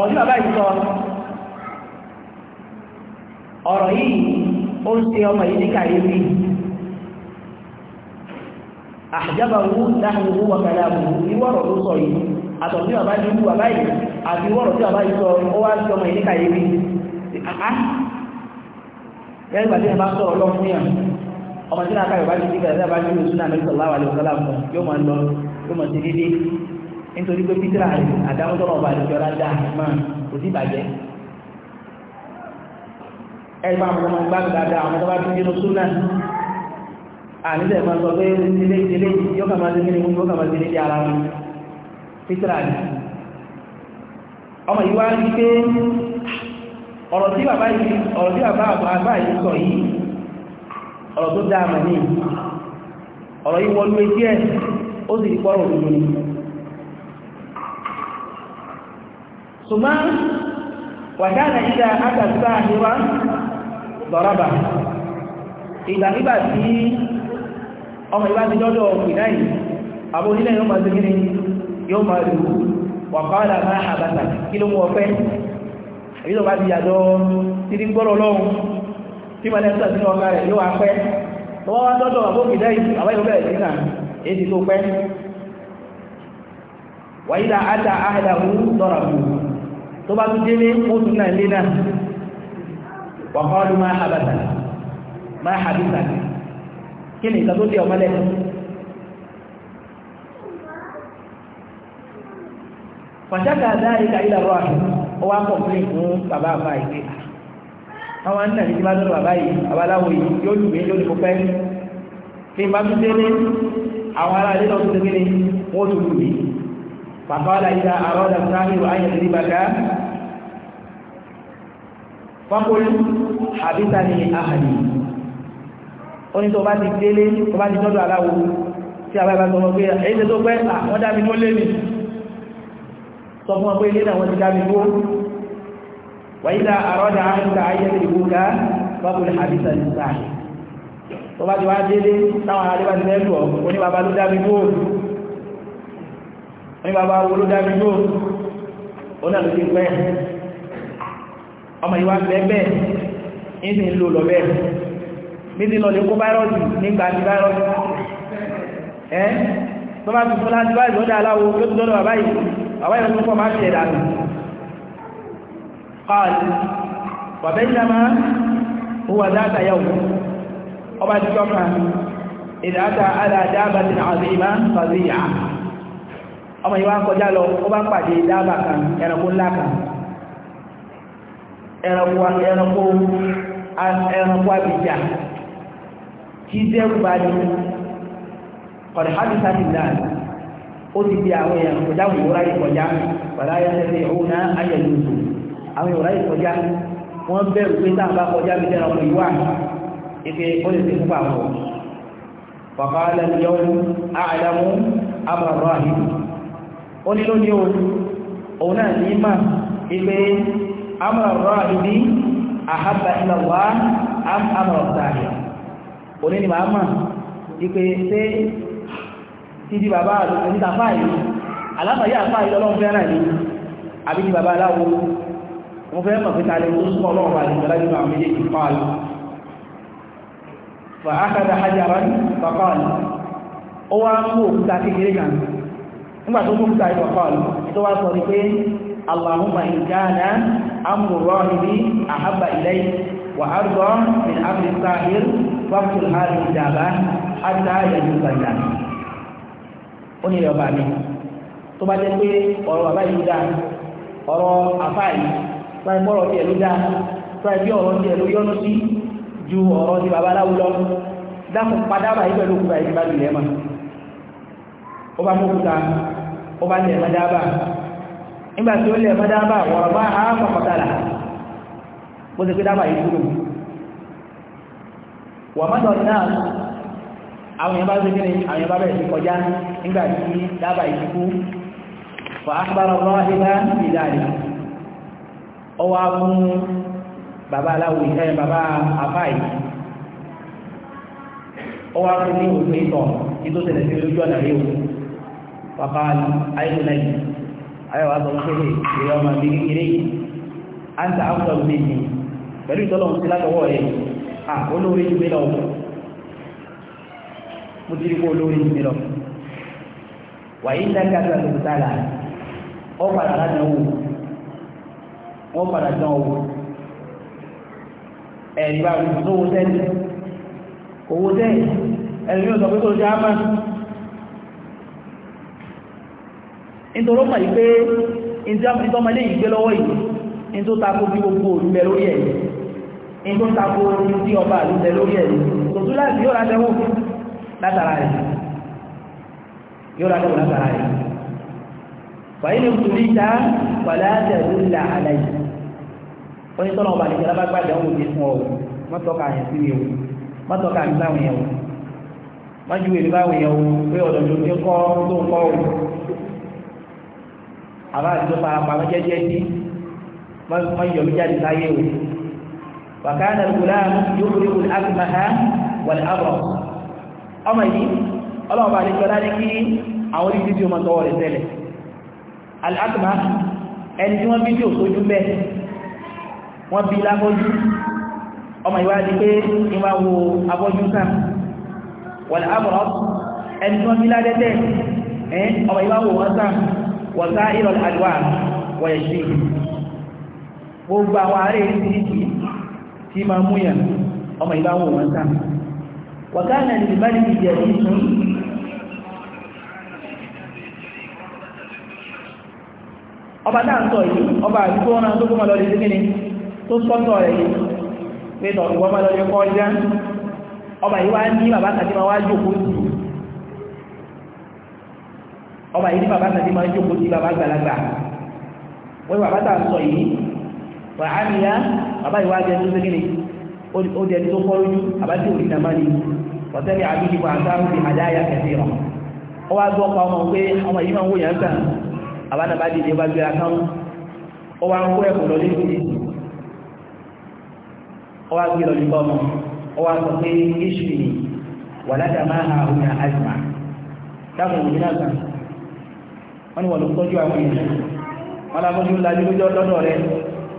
ọ̀rọ̀ bàbá yìí sọ ọ̀rọ̀ yìí ó ń ṣe ọmọ yìí ní kàyéfì àjábàwú láàwọ̀ ọ̀gára rẹ̀ ìwọ̀rọ̀ ló sọ yìí àtọ̀tí bàbá yìí wù bàbá yìí àti ìwọ̀rọ̀ tí bàbá yìí sọ ó wá sí ọmọ yìí ní kàyéfì yẹ́gbà tí wọ́n bá sọ̀rọ̀ lọ fún yàn ọmọ tí mẹ́sàn-án láwàlẹ̀ ọ̀sán láàmú yóò máa lọ yóò máa ti dídí nítorí pé peter ali àdáwọ́tọ́lọ́ ọba àti ọ̀rá dá àmà kò sí ìbàjẹ́ ẹgbẹ́ àwọn ọmọ gbàgbé dáadáa àwọn ọba tó ń jẹ́ lọ́sùn náà àníṣẹ́ máa sọ pé ilé ìdílé yóò kà máa ṣe nínú yóò kà máa ṣe nílé ara wọn peter ali ọmọ yìí wá rí pé ọ̀rọ̀ tí bàbá yìí ọ̀rọ̀ tí bàbá àbá yìí sọ yìí ọ̀rọ̀ tó dáa mọ̀ ní ọ̀rọ̀ yìí wọlú etí ó sì rí pọ́rọ̀ ثم وكان إذا أتى الساحر ضربه ìgbà nígbà tí ọmọ ìbá ti lọ́dọ̀ ìdáyì àbò nílẹ̀ yóò máa zikiri yóò máa rú wàkọ́lá máa àbàtà kí ló mú ọpẹ́ èyí tó bá ti yàjọ títí gbọ́rọ̀ lọ́hun tí ma lẹ́sà sínú ọkà rẹ̀ yóò apẹ́ wọ́n wá lọ́dọ̀ àbò ìdáyì tó bá tún délé ó tún náà lé náà wàkọ́ọ́dún máa habata máa habita kí ni ìtàn tó di ọmọlẹ́ fàṣàkà dáríkà ilẹ̀ rọ̀ àṣù ó wá pọ̀ fún ìfún bàbá àbá ìgbé ah, àwọn ń tàbí tí bá dọ́rọ̀ bàbá yìí babaláwo yìí yóò lù yóò lè kópẹ́ tí bá tún délé àwọn ará ilé náà tún délé wọ́n tún lù mí فقال إذا أراد الساحر أن يضربك فقل حبسني أهلي oni tó bá ti délé tó bá ti tọ́jú aláwo tí a bá bá sọmọ pé èyí tó pẹ́ àwọn dámi tó lé mi sọ fún ọgbé ilé náà wọ́n ti dámi tó wàídá àrọ́dà àìsà ayẹ́lẹ̀ ìgbóga bábùl àbísà ní sáà tó bá ti wá délé táwọn aláwọ̀ ti mẹ́lú ọ ní bàbá olú dábí yóò ó náà ló ti pẹ́ ọmọ ìwà bẹ́ẹ̀ ní ti ń lò lọ bẹ́ẹ̀ ní ti lọ lè kó fáírọ́ọ̀sì nígbà ti fáírọ́ọ̀sì ẹ́ tó bá ti fún láti báyìí lọ́dọ̀ aláwo ló ti lọ́dọ̀ bàbá yìí bàbá yìí ló máa ṣe ẹ̀dà nù kọ́ọ̀lù wàbẹ́ ìjàmá ó wà dáta yàwó ọba ti jọ́ kan ìdáta aláàdáàbà ti nà ọmọ yìí wá ń kọjá lọ ó bá ń pàdé dábà kan ẹranko ńlá kan ẹranko abìjà kí zẹ́rù bá ní ọ̀rẹ́ hábítà ti dáa ó ti di àwọn èèyàn kọjá àwọn ìwúrà yìí kọjá pẹ̀lú ayẹyẹ òun náà ayẹyẹ òṣù àwọn ìwúrà yìí kọjá wọ́n bẹ̀rù pé táà bá kọjá bí tẹ́ra ọmọ ó ní ló ní òun náà ní mà ipé amọ̀rọ̀ ibi àhábà ìlàwà amọ̀rọ̀ tààrí òní ni màá mà ipé pé títí bàbá àtúntà fáìlì alábàáyé àfáìlì ọlọ́run fẹ́ràn ní àbí ní bàbá aláwo mo fẹ́ mọ̀ pé tààrí ó súnmọ́ ọlọ́run àti nígbà tó mú kúta ìwà kọlù tó wá sọ wípé allahumma ìjáàdá amúrọ̀ níbi àhábà ilẹ̀ wà árbọ̀ min amri sahir wákùn hàrí ìjàbá àtà yẹnu gbàgbà ó ní ìrọ̀bà mi tó bá jẹ́ pé ọ̀rọ̀ bàbá yìí dáa ọ̀rọ̀ àfáà yìí láì mọ́rọ̀ tiẹ̀ ló dáa láì bí ọ̀rọ̀ ó bá lẹ̀ mọ́dábà nígbà tí ó lẹ̀ mọ́dábà wọ̀rọ̀ bá a pàpàtàlà bó ti pé dábà yìí kúrò wà mọ́dọ̀ náà àwọn èèyàn bá ṣe kíni àwọn èèyàn bá bẹ̀rẹ̀ sí kọjá nígbà tí dábà yìí kú wà á bára wọ́n wáṣẹ́ فقال أي بني أيوة هذا الشيء اليوم به إلي أنت أفضل مني فلو تلوم سلاك هو إيه آه ولوري جميلة مدرك ولوري جميلة وإنك ستبتلى أفضل لنه أفضل لنه ẹ̀gbà ìṣòwò tẹ́lẹ̀ owó tẹ́lẹ̀ ẹ̀rìn yóò sọ pé kò jẹ́ àmà nítorí mọ̀ pé ìtọ́mọlé ìgbé lọ́wọ́ yìí ní tó tako bí gbogbo olùbẹ̀ lórí ẹ̀ ní tó tako ní tí ọba àlúbẹ̀ lórí ẹ̀ kò tún láti yóò rádẹ́wò látara rẹ̀ yóò rádẹ́wò látara rẹ̀ wàyí ni kùtù ní ìta pàlẹ́ àtẹ̀lú ìlà àlàyé wọ́n ní tọ́lọ̀ ọba àlejò alábàgbàdàn wò ní fún ọ mọ́tọ́ka àyẹ̀ sí ìwò mọ́tọ́ka àmì sáwọn ìyẹ̀wò mọ́jú èlú báwọn ìyẹ̀wò pé ọ̀dọ̀ tó ń kọ́ tó ń àbá àdúgbò farapamọ́ jẹ́jẹ́ sí wọ́n yọ mí jáde láyé o wàkánà gulam yóò rí wùl akmaha wal abra ọmọ yìí ọlọ́ọ̀bà àdéjọ́lá ní kí àwọn orí fídíò máa tọwọ́ rẹ̀ tẹ́lẹ̀ al akmaha ẹni tí wọ́n fídíò sójú bẹ́ẹ̀ wọ́n bí lábọ́jú ọmọ ìwádìí pé ìwà wo abọ́jú sáà wal abra ẹni tí wọ́n bí ládẹ́tẹ̀ ọmọ ìwá wo wọ́n sáà wọ̀sá ìrọ̀ àdúrà wọ̀yẹ̀ sí gbogbo àwọn ààrẹ ìsìnkì tí ma mú yàn ọmọ ìbáwò wọn sáà wàkánà ní ìbá ní ìjẹ̀ ìsún ọba náà ń sọ yìí ọba àdúgbò ọ̀nà tó kó ma lọ lè sí kíni tó sọ́tọ̀ rẹ̀ yìí pé tọ̀ ìwọ́n ma lọ lè kọ́ ọjà ọba yìí ní bàbá kàtí ma wá jòkó sí ọba yìí ní bàbá tàbí máa ń jókòó sí bàbá àgbàlagbà wọ́n bàbá tà ń sọ yìí wà á ní yá bàbá ìwà jẹ́ tó ségé ni ó jẹ́ tó kọ́ lójú àbájú òní nàmá ni ọ̀tẹ́ni àbíjìkọ àtàrù ní àdáyà kẹfì rọ̀ ó wá gbọ́ pa ọmọ pé ọmọ yìí máa ń wò yàn sàn àbánabá dìde bá gbéra kán ó wá ń kó ẹ̀kọ́ lọ lẹ́sìn ó wá gbé lọ wọ́n ni wọ́n ló tọ́jú àwọn èèyàn wọ́n lábọ́jú lájú lójọ́ lọ́dọ̀ rẹ̀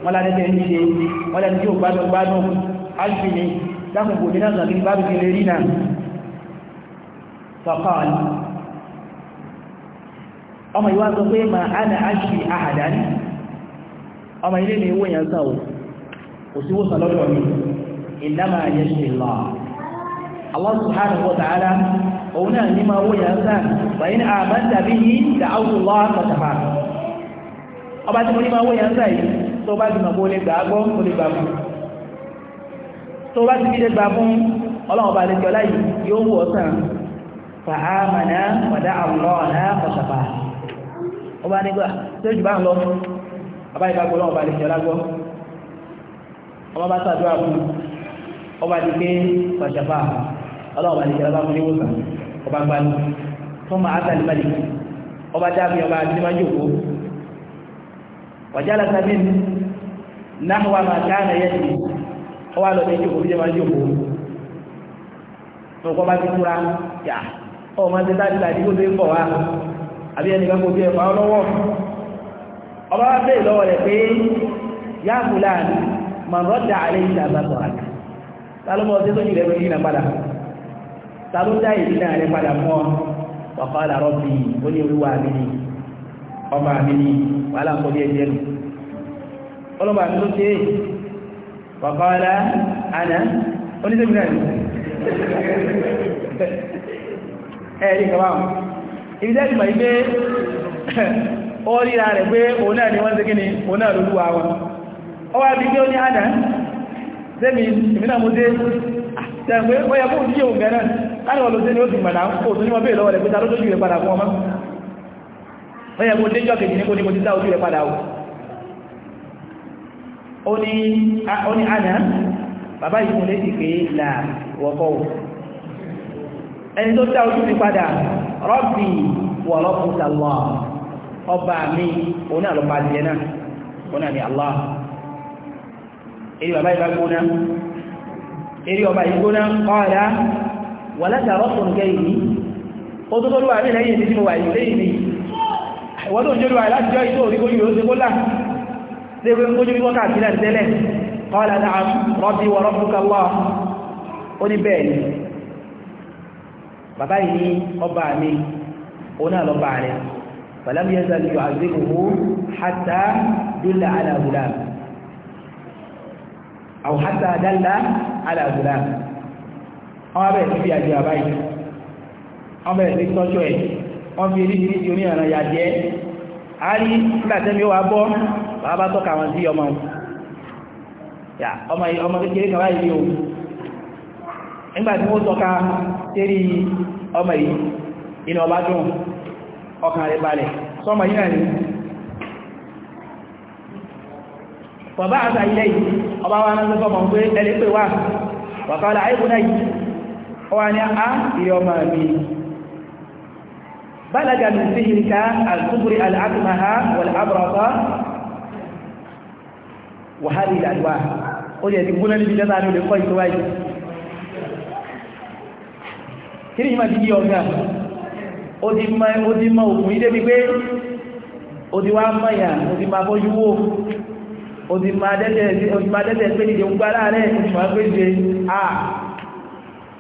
wọ́n ládẹ́dẹ́ ń ṣe wọ́n ọmọ ìwá sọ pé ma a na alfi àhàdá ní ọmọ ilé ni owó yẹn sáwò kò sí wó sàlọ́dọ̀ mi ìdámà yẹ́ Allah subhanahu wa ta'ala òun náà ní máa wó yàn sáà wàyí ní àmà tàbí yìí dà áwùjọ lọ́ àtàtàmà ọba tí mo ní máa wó yàn sáà yìí tó bá ti mọ̀ kó lè gbà gbọ́ kó lè gbà fún tó bá ti fi lè gbà fún ọlọ́run bá lè jọlá yìí yóò wọ̀ sàn ọba nígbà tí ọba lè jọlá gbọ́ ọba bá sàdúrà fún ọba ti gbé pàṣàfà ọlọ́run lè jọlá fún níwòsàn ọba gbalu tọ́mọ asali mali ọba dábì ọba adìmájòkó wàjálà sàmín náà wà máa káàna yẹ́ sí ọwá lọ sí ìjòkó bíjẹ́ máa jòkó ọkọ̀ bá ti kúra yà ọ máa ti dájú láti kó sí pọ̀ wá àbí ẹni kan kò bí ẹ̀fà ọlọ́wọ́ ọba wá bẹ́ẹ̀ lọ́wọ́ rẹ̀ pé yá fúlàní màá àlẹ́ ìjà sọ̀rọ̀ àgbà ló mọ̀ ọtí tó yìí rẹ̀ lórí ìlà padà ta ló dá ìdí náà rẹ padà mọ́ ọ̀pá àlàrọ̀ bí ó ní olúwa mi ni ọba mi ni wàhálà ń kọ́ bí ẹgbẹ́ nù ọlọ́ba mi ló ṣe é ọ̀pá àlà àná oníṣẹ́mi ni ẹ̀rí kọ́ ibi mọ̀ ó ríra rẹ̀ pé òun náà ni wọ́n ṣe òun náà wọn ó wá bí ó ní àná sẹ́mi mo dé ó yẹ òun káàkiri olóṣèlú ó ti mọ̀nà kó tó ní wọ́n bèèrè lọ́wọ́ rẹ̀ pẹ́ta lójú rẹ̀ padà fún ọmọ ó yẹ kó déjọ́ kejì ní kó ní kó ti dá ojú rẹ̀ padà ó ní àná bàbá ìfún lé ti pé là wọ́kọ́ ẹni tó Allah eri bàbá ìbá gbóná eri ọba ìgbóná kọ́ wàlájà rọ́pùn gẹ́ ìní ó tó tọ́lúwà ní lẹ́yìn tí mo wà ilé ìní wọ́n tó ń jẹ́lúwà láti jọ ìtò orí kójú ìrọ́sẹ́ kó láà léwé kójú wọ́n káàkiri tẹ́lẹ̀ kọ́lá náà rọ́bí wọ rọ́pùkà lọ ó ní bẹ́ẹ̀ ni bàbá yìí àwọn abẹ́rẹ̀ níbi àjò àbáyìí wọ́n bẹ̀rẹ̀ sí tọ́jú ẹ̀ wọ́n fi erí ìrísí oníyànà yà jẹ́ a rí ó wà bọ́ bàbá tọ́ka wọn sí ọmọ ọmọ kékeré kan o nígbàtí wọ́n tọ́ka sérí ọmọ yìí inú ọba dùn ọkàn rẹ̀ balẹ̀ sọmọ yìí náà bàbá àtàyílẹ̀ yìí ọba wa náà pé ẹlẹ́pẹ̀ wà yìí ọwá ní a ìyọ máa bí bálaga mi sí ìrìká alkuburi al'adùmáha wàl'abúrọ̀kọ́ wàhálì ìdàdùwà ó yẹ ti gúnlẹ̀ níbi jẹ́ta ní olè kọ́ ìtọ́wáyé kí ni ìmá ti yí ọgá ó ti mọ òkùn ilé bí pé ó ti wá mọ́yà ó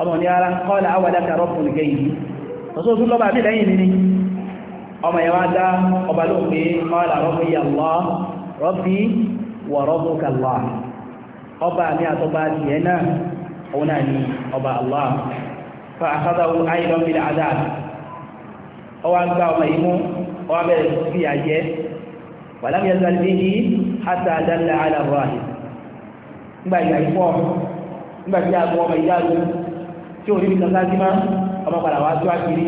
ọmọ ní ara kọ́lá awàdáka rọ́pù nìkẹ́ yìí ọ̀sọ́ tún lọ́bà bí lẹ́yìn nínú ọmọ yẹwà dá ọba ló pé kọ́lá rọ́pù yà lọ́ rọ́bí wà rọ́bù kàlá ọba mi àtọ́ba tiẹ̀ náà òun náà ni ọba Allah fa àkàtàwò ayélujára bí làdá ọwọ́ àgbà ọmọ yìí ìyá lóyún tí ò rí nìkan sáájú máa ọmọ padà wá síwá kiri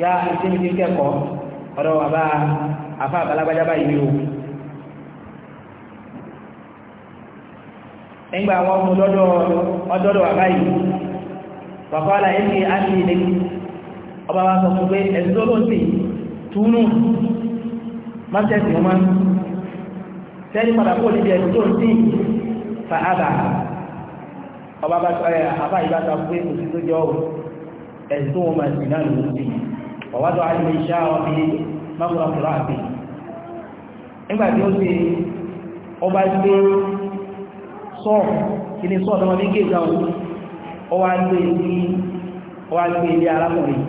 yá iṣẹ́ mi ti kẹ́kọ̀ọ́ ọ̀dọ̀ bàbá afá àbálágbájá báyìí o nígbà àwọn ọmọ ọdọ́dọ̀ wà báyìí bàbá àlà ẹ̀ ní àmì ilé ọba wa sọ fún pé ẹ̀sùn tó lóòsì túnú má tẹ̀sí wọn má sẹ́ni padà kó lè jẹ́ ẹ̀sùn tó ń fa àbà ọba bá ẹ àbá ìbá ta pé kò sí tó jọ ọ ẹ̀sùn tó wọn máa sì náà lòún sí ọwá tó àìmọ̀ iṣẹ́ àwọn bí mákùnrin ọkùnrin àti nígbà tí ó ṣe ọba gbé sọ kí ni sọ ọdọmọdé gé ìdáhùn ọwá gbé ní e ọwá gbé ilé e arákùnrin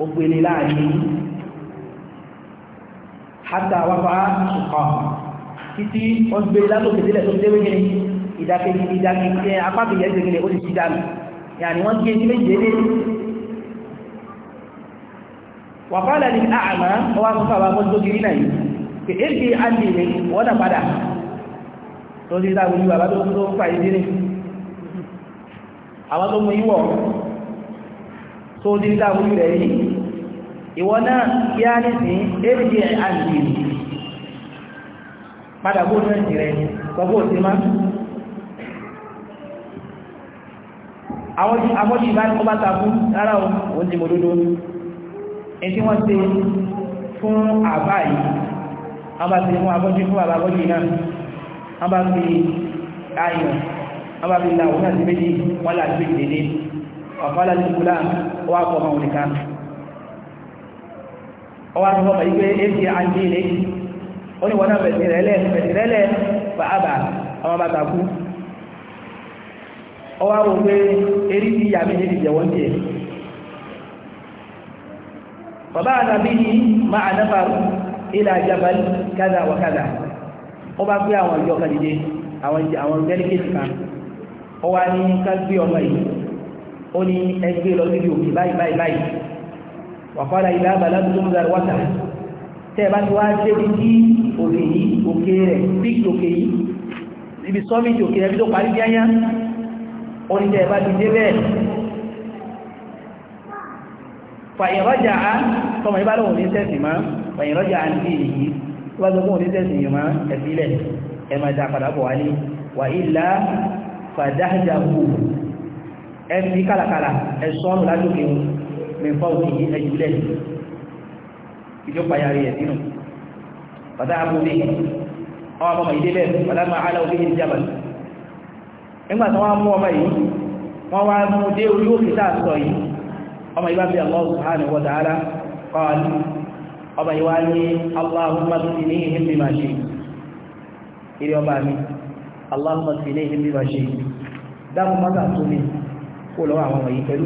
ó gbé ní e láàrin hátà wáfà ṣùkọ títí wọn ìdákejì ìdákejì ẹ apákejì ẹsẹ̀ kejì ó ti ti dànù yàní wọ́n gé méjì dé wàkọ́lá ní àmà ọwá fún fàwọn akọ́jọ́ gírí náà yìí èdè àdìrẹ wọ́n dà padà tó ti dá gbogbo àbá tó ń tó ń fà ìdí ní àwọn tó mú ìwọ̀ tó ti dá gbogbo rẹ̀ yìí ìwọ náà máa àwọn tí àmọ́jú ìbáni ọba tàbú rárá òun ti mọ̀lódó ẹni tí wọ́n ṣe fún àbá yìí wọ́n bá ti fún abọ́jú fún àbá abọ́jú náà wọ́n bá fi ayọ̀ wọ́n bá fi làwọn náà ti méjì wọ́n là sí ìdèdè ọ̀fọ́ láti kúlá ó ọwọ́ àwọn pé eré ti yà mí níbi ìjẹ̀wọ́ tiẹ̀ bàbá àdàbí yìí máa àdáfà ilà jabal kádà wà kádà ó bá gbé àwọn ìjọ kan dìde àwọn dẹ́lígẹ́tì kan ó wá ní ká gbé ọmọ yìí ó ní ẹgbẹ́ lọ síbi òkè báyìí báyìí báyìí wàkọ́lá ilá balátún zarwata tẹ́ bá ti wá débi tí òkè yìí òkè rẹ̀ bíkì òkè yìí ibi sọ́mìtì òkè ẹbí tó parí jẹ́yán oníṣẹ ẹ bá ti dé bẹ́ẹ̀ fàyẹrọjà á tọmọ yìí bá lóun ní sẹsì mọ fàyẹrọjà á ń bí yìí tó bá gbogbo òun ní sẹsì yìí mọ ẹbílẹ ẹ máa dá padà bọ̀ wálé wà ilà fàdájàkù ẹ fi kàlàkàlà ẹ sọnù lájòkè mẹfọ òkè yìí ẹjúlẹ ìjọba nígbà tí wọ́n mú ọmọ yìí wọ́n wá mú dé orí òkè tá a sọ yìí ọmọ yìí bá bí Allah subhanahu wa ta'ala qala ọmọ yìí wá ní Allahumma sinihim bima shi'ta ilé ọba mi Allahumma sinihim bima shi'ta dáhùn mọ́tà tó mi kó lọ́wọ́ àwọn wọ̀nyí pẹ̀lú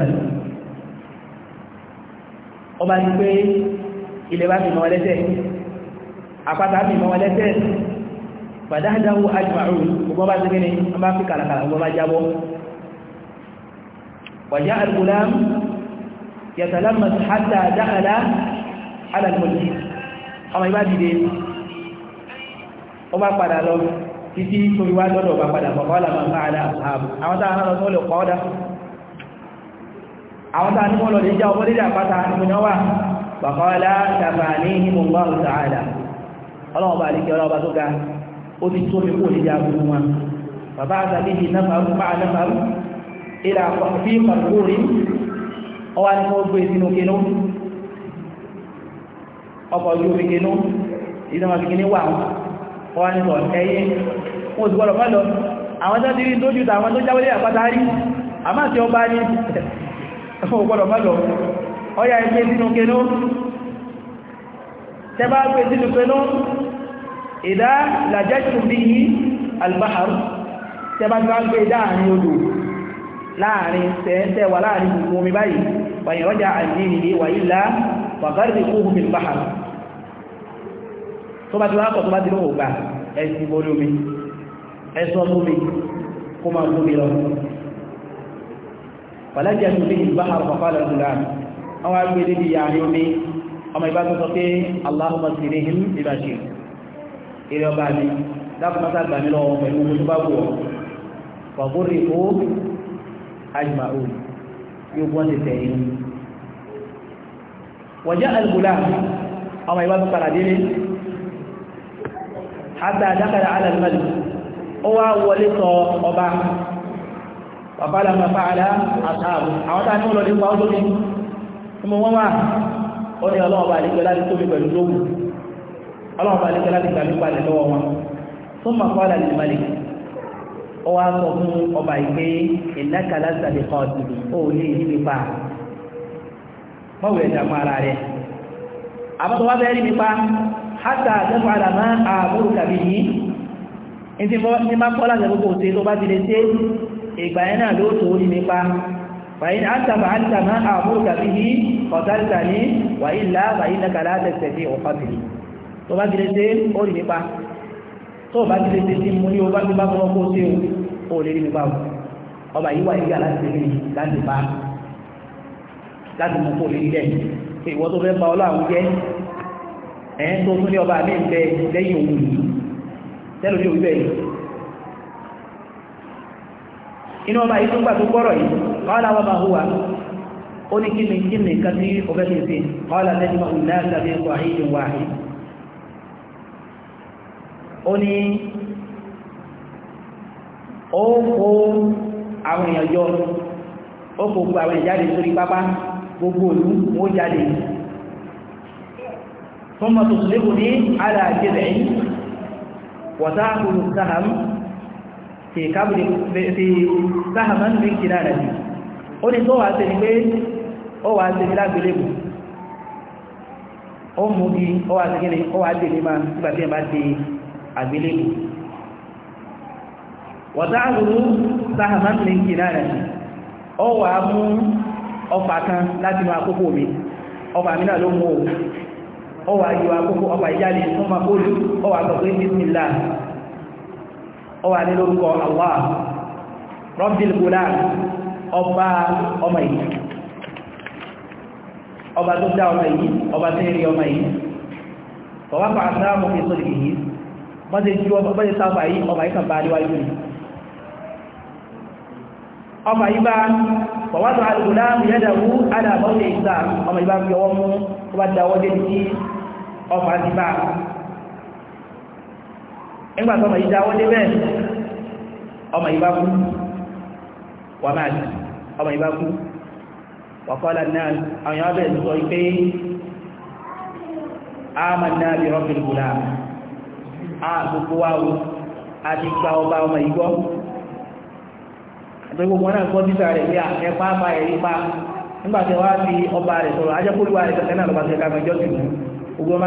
tó ọba ní pé ilẹ̀ bá mìmọ̀ ẹlẹ́tẹ̀ àpáta mìmọ̀ ẹlẹ́tẹ̀ fàdájáwó ajma'un ọgbọ́n bá ti gẹ́ni wọ́n bá fi kàlàkàlà ọgbọ́n bá jábọ́ wàjá al-gulam yatalammas hatta dakhala ala al-mulk ọmọ ibá dìde ọba padà lọ títí torí àwọn tá a ní wọn lọ lè já ọmọ lédè àpáta ìpínlẹ̀ wà bàkọ́lá tàbà ní ìmọ̀gbà ọ̀sàádà ọlọ́wọ́ bá àdíkẹ́ ọlọ́wọ́ bá tó ga ó ti tó mi kó lè já gbogbo wọn bàbá àtàbí ti náfàrú bá náfàrú ilà fi pàtó rí ọwá ní wọ́n gbé e sínú kinú ní ọgbọ́dọ̀ mọ́lọ ọya ẹgbẹ́ sínú kenú tẹbá gbé sínú kenú ìdá làjẹ́sùn bí i albahar tẹbá gbé dáàrin odò láàrin tẹ́ẹ̀tẹ́ wà láàrin gbogbo omi báyìí wàyìn rọ́jà àjíìrì wà ilá wàgárí kúhù bí báhàrù tó bá ti wá pọ̀ tó bá ti lóògbà kó fàlájà tó lè bá àwọn fàfàlà lùlá àwọn agbèrè bí i àárín omi ọmọ ìbá tó sọ pé aláhùmọ̀ sí ní him ìbáṣe eré ọba mi dákùnmọ́sá gbà mí lọ́wọ́ pẹ̀lú omi tó bá wù ọ́ fàbórè ó àjùmá bàbára bàbá àdá àtààbò àwọn tàà ní wọ́n lọ ní pa ọdún ní ọmọ wọn wà ó ní ọlọ́ọ̀bà àdíkẹ́ láti tóbi pẹ̀lú lóògùn ọlọ́ọ̀bà àdíkẹ́ láti gbàmí palẹ̀ lọ́wọ́ wọn tó mọ̀ kọ́ àdàlì malẹ̀ ó wá sọ fún ọba ìgbé ìnáka lásàlẹ̀ kan ọ̀sìn ó lè ní nípa mọ̀wé ẹ̀dá mọ́ ara rẹ̀ àbọ̀tọ̀ wá bẹ́ẹ̀ rí nípa hátà àtẹ́fọ́ àdàmọ́ àbúrò kàbí yìí ní bá kọ́ láti ẹ̀kọ́ kò ìgbà yẹn náà ló tó rí mi pa fàyín àtàbà àtàmà àbúrò tàbí yí ọ̀tàlítà ní wàyín là wàyín náà kàlá tẹ̀sẹ̀ sí ọ̀pá bìrì tó bá ti lè ṣe ó rí mi pa tó bá ti lè ṣe mú ní o bá ti bá fọwọ́ kó ṣe o lè rí mi ọba yìí wà yíyà láti lè láti bá láti mú kó lè rí lẹ́yìn pé tó fẹ́ ba ọlọ́ jẹ́ ẹ̀ tó tún ní ọba mi ń bẹ lẹ́yìn òun yìí tẹ́lómi òun bẹ́ẹ̀ inú ọba yìí tó gbà tó gbọ́rọ̀ yìí kọ́lá wà máa hùwà ó ní kíni kíni kan tí ó fẹ́ ṣe sí kọ́lá lẹ́yìn máa wùlá tàbí ẹ̀kọ́ àìyí wà áyí ó ní ó kó àwọn èèyàn jọ ó kó gbogbo àwọn ìjáde sórí pápá gbogbo òlú wọ́n jáde fún mọ́tò sílébù ní aláàjẹ́ fi kábùdì fi sáhàmán ní kìrà rẹ̀ bí ó ní tó wà sí ni pé ó wà sí lágbélébù ó mú bí wa wà sí kíni wa wà dé ní máa nígbà tí ẹ bá dé àgbélébù wọ̀tá àlùrú sáhàmán ní kìrà rẹ̀ bí ó wà kan mi mi ó wà ní lórúkọ Allah Rabbil Gulam ọba ọmọ yìí ọba tó dá ọmọ yìí ọba tó rí ọmọ yìí bọ̀wá pa àtàràmù fi sódì yìí wọ́n ti ju ọba bọ́lẹ̀ sáfà yìí ọba yìí kan bá níwájú ni ọba yìí bá bọ̀wá tó àlùkùlá yẹ́dàwó aláàbọ̀lẹ̀ ìgbà ọmọ yìí bá fi ọwọ́ mú ọmọ yìí bá kú wà máa lè ọmọ yìí bá kú wàkọ́lá náà àwọn yàrá bẹ̀rẹ̀ sọ pé àmà náà bí rọ́bìn gùnà á gbogbo wa wo a ti gba ọba ọmọ yìí gbọ́ àtẹ́gbogbo wọn náà gbọ́ títà rẹ̀ bí ẹ̀pá bá ẹ̀rí pa nígbà tí wọ́n á fi ọba rẹ̀ sọ̀rọ̀ ajẹ́kọ̀ọ́lùwà rẹ̀ kẹ̀kẹ́ náà lọ́ba tẹ̀ka àgbẹ̀jọ́ sí gbogbo ọmọ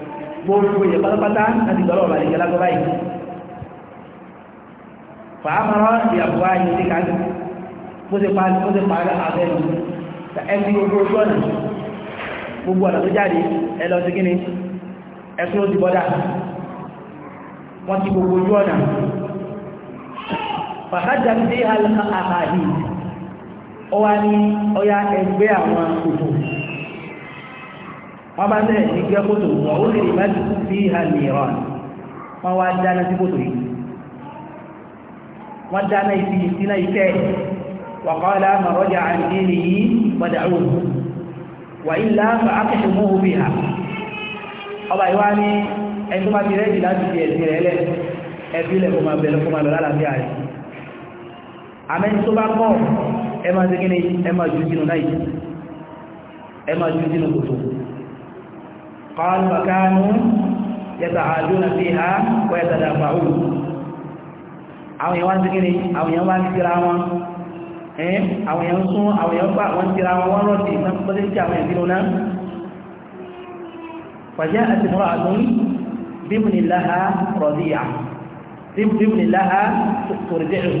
gbogbo yẹ pátápátá láti gbọ́rọ̀ ọ̀bà ìjọba gbọ́ báyìí fàámọ́rọ́ ìyàwó ayé ti ká ní bó ṣe pa bó ṣe pa abẹ́ mi ẹni gbogbo ojú ọ̀nà gbogbo ọ̀nà tó jáde ẹ lọ sí kíni ẹ tún ó ti bọ́dà wọ́n ti gbogbo ojú ọ̀nà fàájà sí àhàdì ó ní ọya ẹgbẹ́ àwọn òfò wọ́n bá lẹ̀ ní gbẹ́ kòtò wọ́n ó lè bá ti kú sí àmìíràn wọ́n wá dáná sí kòtò yìí wọ́n dáná ìfi sínú ìfẹ́ wàkọ́lá mọ̀rọ́jà àìní nìyí padà òun wà ilá fàákẹ́sì mú omi hà ọba ìwá ní ẹni tó bá ti rẹ́jì láti fi ẹ̀sìn rẹ̀ lẹ̀ ẹbí lẹ̀ kó máa bẹ̀rẹ̀ kó máa lọ àmẹ́ni tó bá kọ́ ẹ máa ṣe sínú náà ẹ máa ju sínú kòtò قالوا وكانوا يتعادون فيها ويتدافعون àwọn èèyàn wá ń tíkiri àwọn èèyàn wá ń tíra wọn ẹ́n àwọn èèyàn sún àwọn èèyàn pà wọ́n tíra wọn wọ́n rọ̀tí ìsànkọ́lé tí àwọn ìdínú náà fàjá àti mọ́rọ̀ àdún bíbùnìláha rọ̀díyà bíbùnìláha tòrìdẹ̀ẹ̀hù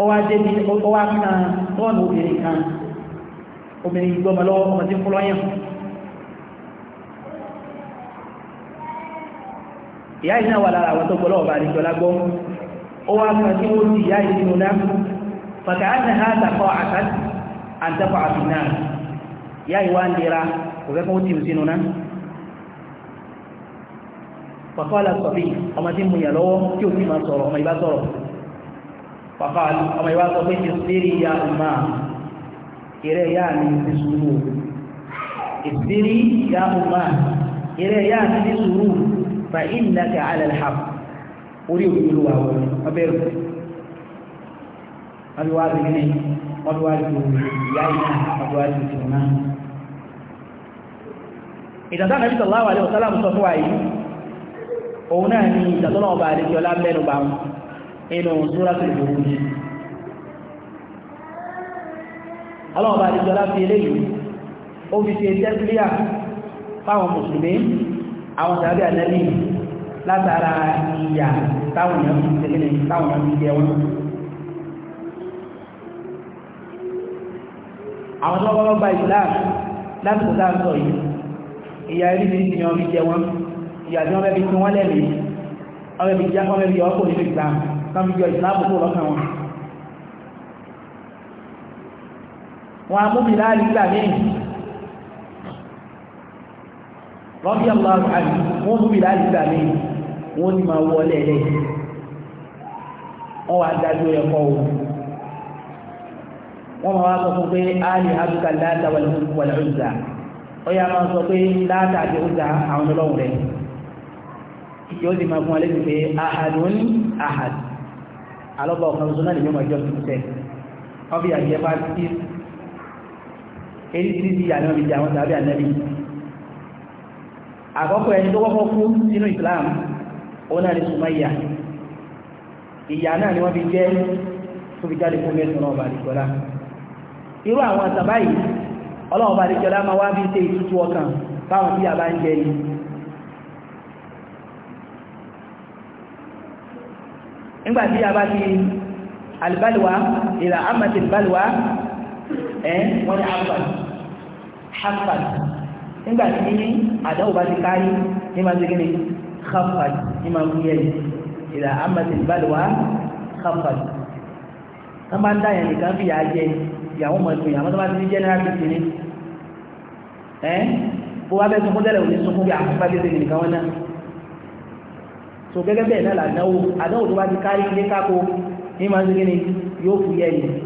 ó wá débi ó wá kan tọ́ọ̀nù obìnrin kan obìnrin ìgbọ́mọ lọ́wọ́ ọmọ tí ń fún lọ́yàn ìyá yìí náà wà lára àwọn tó gbọ́ lọ́wọ́ bá rí jọlá gbọ́ ó wá kan tí ó ti ìyá yìí nínú náà fàkà á ní ha àtàkọ́ àtàkì àtàkọ́ àfi náà ìyá yìí wá ń dira kò fẹ́ kó tì í sínú náà fàkọ́lá sọ̀bí sọ ìrẹ́ ìyá mi ti sùúrù ìsírí ya ọmọ ìrẹ́ ìyá mi ti sùúrù fa innaka ala al-haqq orí òkúrú wa wọ́n ọbẹ̀rù wọ́n wá sí ní wọ́n wá sí ìyá ìyá wọ́n wá sí ìtùnà ìdàtà nàbí aláwọ̀ bá àdìjọ́lá fi eléyìí ó fi ṣe tẹ́sílíà fáwọn mùsùlùmí àwọn tàbí ànẹ́lì látara ìyà táwọn èèyàn fi ṣe lẹ́nu táwọn èèyàn fi jẹ wọn àwọn tó wọ́n bá islam láti kò dáa sọ yìí ìyà rí ní ìyàn fi jẹ wọn ìyà tí wọ́n fẹ́ fi tún wọ́n lẹ́mìí ọmọ ibi ọkọ̀ nínú islam tán fi jọ islam kó lọ́kàn wọn a mú Bilal gbà míì rọ́bì aláwọ̀ àbí wọ́n mú Bilal gbà míì wọ́n ní máa wọlé rẹ̀ wọ́n wá dájú ẹ̀kọ́ o wọ́n máa wá sọ fún pé áàlì abúkà láta wà lóhùn wà ó máa sọ pé àti àwọn ọlọ́run rẹ̀ yóò máa fún wa lẹ́sìn pé alọ́bà ọ̀kan ṣoṣo náà lè èyí ti yà náà àwọn tàbí ànẹ́bí àkọ́kọ́ ẹni tó kọ́kọ́ kú sínú Islam ó náà ni Sumayya ìyà náà ni wọ́n fi jẹ́ tó fi jáde fún mẹ́sàn náà bàdìjọ́lá irú àwọn àtàbá yìí ọlọ́run bàdìjọ́lá máa wá bí ìtútù ọkàn báwọn tí a bá ń jẹ ni a bá ti ìlà ẹ̀ wọ́n hasan nígbà tí àdáwò bá ti kárí ní máa ṣe kíni khafat ní máa wúyẹ ìlà amadi ìbálòwà khafat wọ́n bá ń dá yẹn nìkan fìyà jẹ ìyàwó mọ̀ ìpè àwọn tó bá ti general meeting ni ẹ́ bó wá bẹ́ sunkún tẹ́lẹ̀ òní sunkún bí àkókò bí ẹ̀sẹ̀ nìkan wọn náà so gẹ́gẹ́ bẹ́ẹ̀ náà làdáwò àdáwò tó bá ti kárí ilé kákó ní máa ń ṣe yóò fúyẹ́ yìí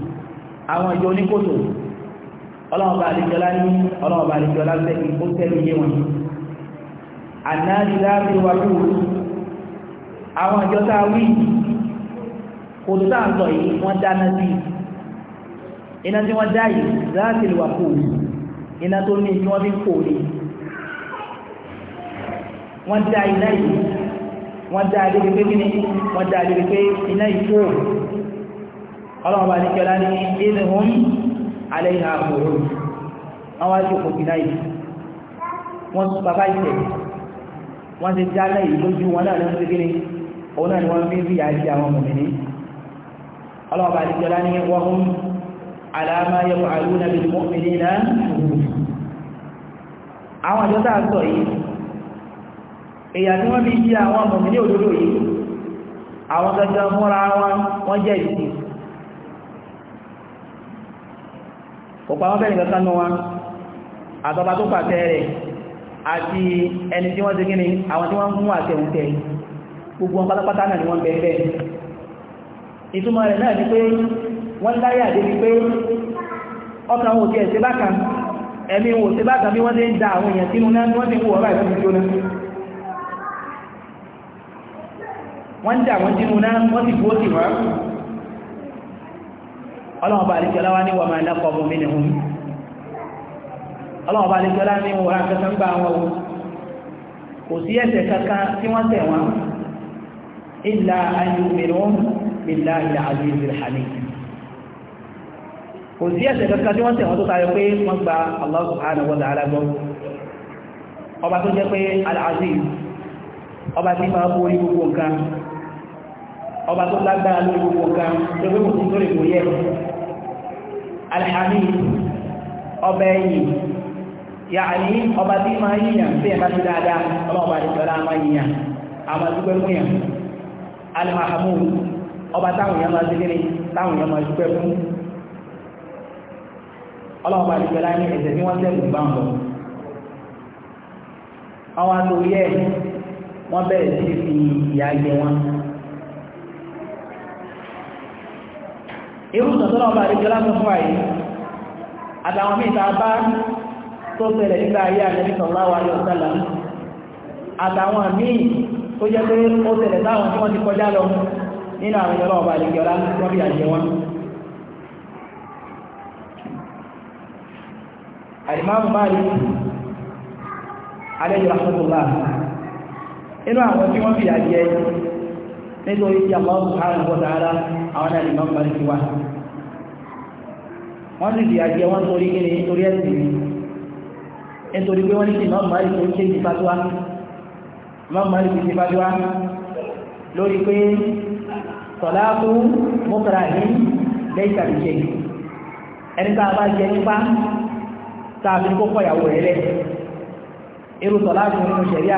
àwọn ìjọ oníkòtò ọlọ́ọ̀bà àdìjọlá ní ọlọ́ọ̀bà àdìjọlá tẹ́kì ó tẹ́lú yé wọn àdáàdìlá fi wà lóò àwọn ìjọ tá a wí kò tó táà ń sọ yìí wọ́n dáná sí iná tí wọ́n dá yìí láti lè wà kò iná tó ní tí wọ́n kò ní wọ́n dá iná yìí wọ́n dá adébíké kíní wọ́n dá adébíké iná yìí kò ọlọ́wọ́ bá níkẹ́lá ní ìdíhùn aléhà òòrùn wọ́n wá sí òkùnkùn náà yìí wọ́n tún bàbá ìtẹ̀ wọ́n ti já náà yìí lójú wọn náà lọ́nà gíní òun náà ni wọ́n fi ń fi àìsí àwọn mọ̀mìnì ọlọ́wọ́ bá níkẹ́lá ní wọ́n hún àlàámá yẹ̀kọ̀ àlúnà bí mọ̀mìnì náà àwọn àjọ sọ yìí ọ̀pá wọn bẹ̀rẹ̀ kankan nù wọn àtọba tó pàtẹ rẹ̀ àti ẹni tí wọ́n ti gíní àwọn tí wọ́n mú àtẹ̀wùntẹ̀ gbogbo wọn pátápátá náà ni wọ́n bẹ̀rẹ̀ bẹ́ẹ̀ ìtumọ̀ rẹ̀ náà ni pé wọ́n láyé àdé ni pé ọkàn òkè ẹ̀sẹ̀ bákan ẹ̀mí òsẹ̀ bákan bí wọ́n ti ń da àwọn èèyàn sínú náà wọ́n ọlọ́wọ́ bá alìkẹ́lá wá ní wà máa lẹ́kọ̀ọ́ mú mi ní hun ọlọ́wọ́ bá alìkẹ́lá ní wọ́n rán kankan gbá wọn o kò sí ẹ̀ṣẹ̀ kankan tí wọ́n tẹ̀ wọ́n ìlà ayùmírùn ìlà ìlà àdúgbò hàní kò sí ẹ̀ṣẹ̀ kankan tí wọ́n tẹ̀ wọ́n ọba tó lágbára lórí gbogbo nǹkan tó gbé kò sí lórí kò yẹ alhamid ọba ẹ̀yìn yàní ọba tí máa yíyàn tí ẹ̀bá ti dáadáa ọlọ́ọ̀bá ìjọra máa yíyàn àmà dúpẹ́ fún yàn alhamud ọba táwọn èèyàn máa dégé táwọn èèyàn máa dúpẹ́ fún ọlọ́ọ̀bá ìjọra ní ẹ̀sẹ̀ tí wọ́n tẹ̀lé bá ń bọ̀ àwọn irú ìtọ̀tọ́nà ọba àríkẹ́ látọ̀ fún àyí àtàwọn mẹ́ta bá tó tẹ̀lẹ̀ nígbà ayé àlẹ́bí sallallahu alaihi wasallam àtàwọn míì tó jẹ́ pé ó tẹ̀lẹ̀ táwọn tí wọ́n ti kọjá lọ nínú àwọn ìjọba ọba àríkẹ́ ọlá wọ́n bí àjẹ wọn àdìmáàmù báyìí alẹ́ nítorí tí àwọn ọ̀hún bọ̀ dáadáa àwọn àlè máa ń parí wa wọ́n sì di àjẹ wọn torí kí ni torí ẹ̀sìn ni nítorí pé wọ́n ní kí máa máa ìfò ṣe ìfàtíwá máa máa ìfò ṣe ìfàtíwá lórí pé tọ̀láàkú mọ́kàrà ní lẹ́ìsàlìṣẹ́ ẹni tàà bá jẹ nípa tààbí kókọ̀ ìyàwó rẹ̀ lẹ́ irú tọ̀láàkú nínú ṣẹ̀ríà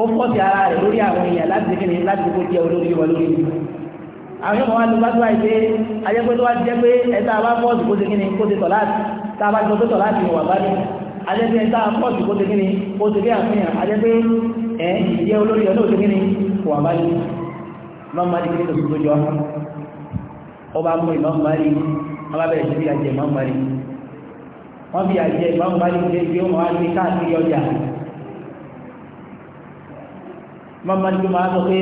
ó fọ́sí ara rẹ̀ lórí àwọn èèyàn láti kí ni láti kó jẹ́ olórí wọn lórí ìlú àwọn yóò wá lu bàtúwà yìí pé ajẹ́pẹ́ tó wá jẹ́ pé ẹ̀ta bá fọ́ọ̀sì kó ṣe kí ni kó ṣe tọ̀ láti tá a bá jọ pé tọ̀ láti wà bá ní ajẹ́pẹ́ ẹ̀ta fọ́ọ̀sì kó ṣe kí ni kó ṣe bí àfihàn ajẹ́pẹ́ ẹ̀ ìjẹ́ olórí ọ̀nà òṣè kí ni wà bá ní mọ́mọ́dé kí ni tó tó jọ ọba mú ìmọ̀mọ́dé ọba bẹ̀rẹ̀ sí bí ajẹ́ ìmọ̀mọ́dé wọ́n bí ajẹ́ ìmọ̀mọ́dé mọ́mọ́ tí máa sọ pé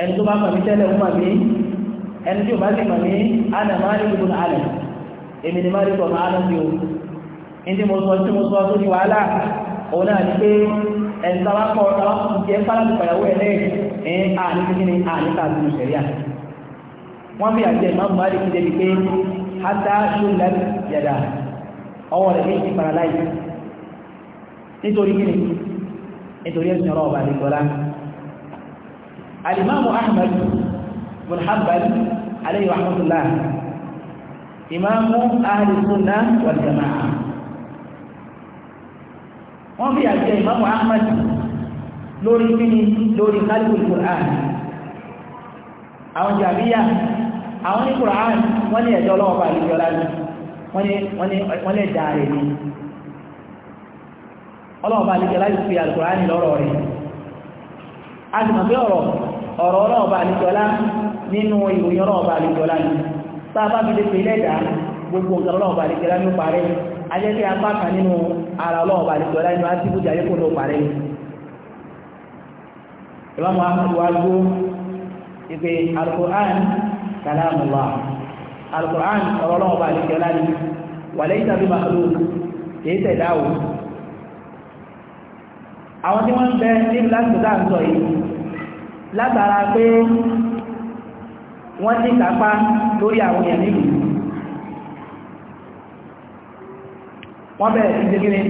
ẹni tó bá mọ̀mí tẹ́lẹ̀ ń mọ̀mí ẹni tí ò bá sì mọ̀mí ánà máa ní gbogbo àlẹ̀ èmi ni máa rí sọ̀rọ̀ ánà sí o ní mo sọ tí mo sọ tó ní wàhálà òun náà ni pé ẹni tá bá kọ́ ọ́ táwọn kò jẹ́ fálábì pàyàwó ẹ̀ lẹ́yìn ní àní kíkí ni àní káàdì ní sẹ̀ríà wọ́n fi àjẹ́ ìmáàmù máa rí kíjẹ́ pé hátà ṣúlẹ̀ yàdà nítorí ẹ̀sìn ọ̀rọ̀ ọba àdìgbọ́lá alimamu ahmed bin hanbal alayhi rahmatullah imamu ahli sunna wal jama'a wọ́n fi àjẹ imamu ahmed lórí kíni lórí kálíkùl qur'an àwọn jàmíyà àwọn ní qur'an wọ́n ní ẹ̀jọ́ ọlọ́ọ̀bà ọlọ́ọ̀bá alìjẹ́ láti fi alìkùránì lọ́rọ̀ rẹ̀ a ti mọ̀ pé ọ̀rọ̀ ọ̀rọ̀ ọlọ́ọ̀bá alìjọ́lá nínú ìròyìn ọlọ́ọ̀bá alìjọ́lá ni sábà fi lè fi lẹ́dà gbogbo nǹkan ọlọ́ọ̀bá alìjọ́lá ní parẹ́ ajẹ́ pé apá kan nínú ara ọlọ́ọ̀bá alìjọ́lá nínú átìkù jàyé kò ló parẹ́ ìbámu wájú wà lẹ́yìn tàbí màálù kì í tẹ̀dáwò àwọn tí wọ́n ń bẹ níbi láti tó dáńtọ̀ yìí látara pé wọ́n ní kápá lórí àwọn èèyàn nílùú wọ́n bẹ̀rẹ̀ sí gbégbére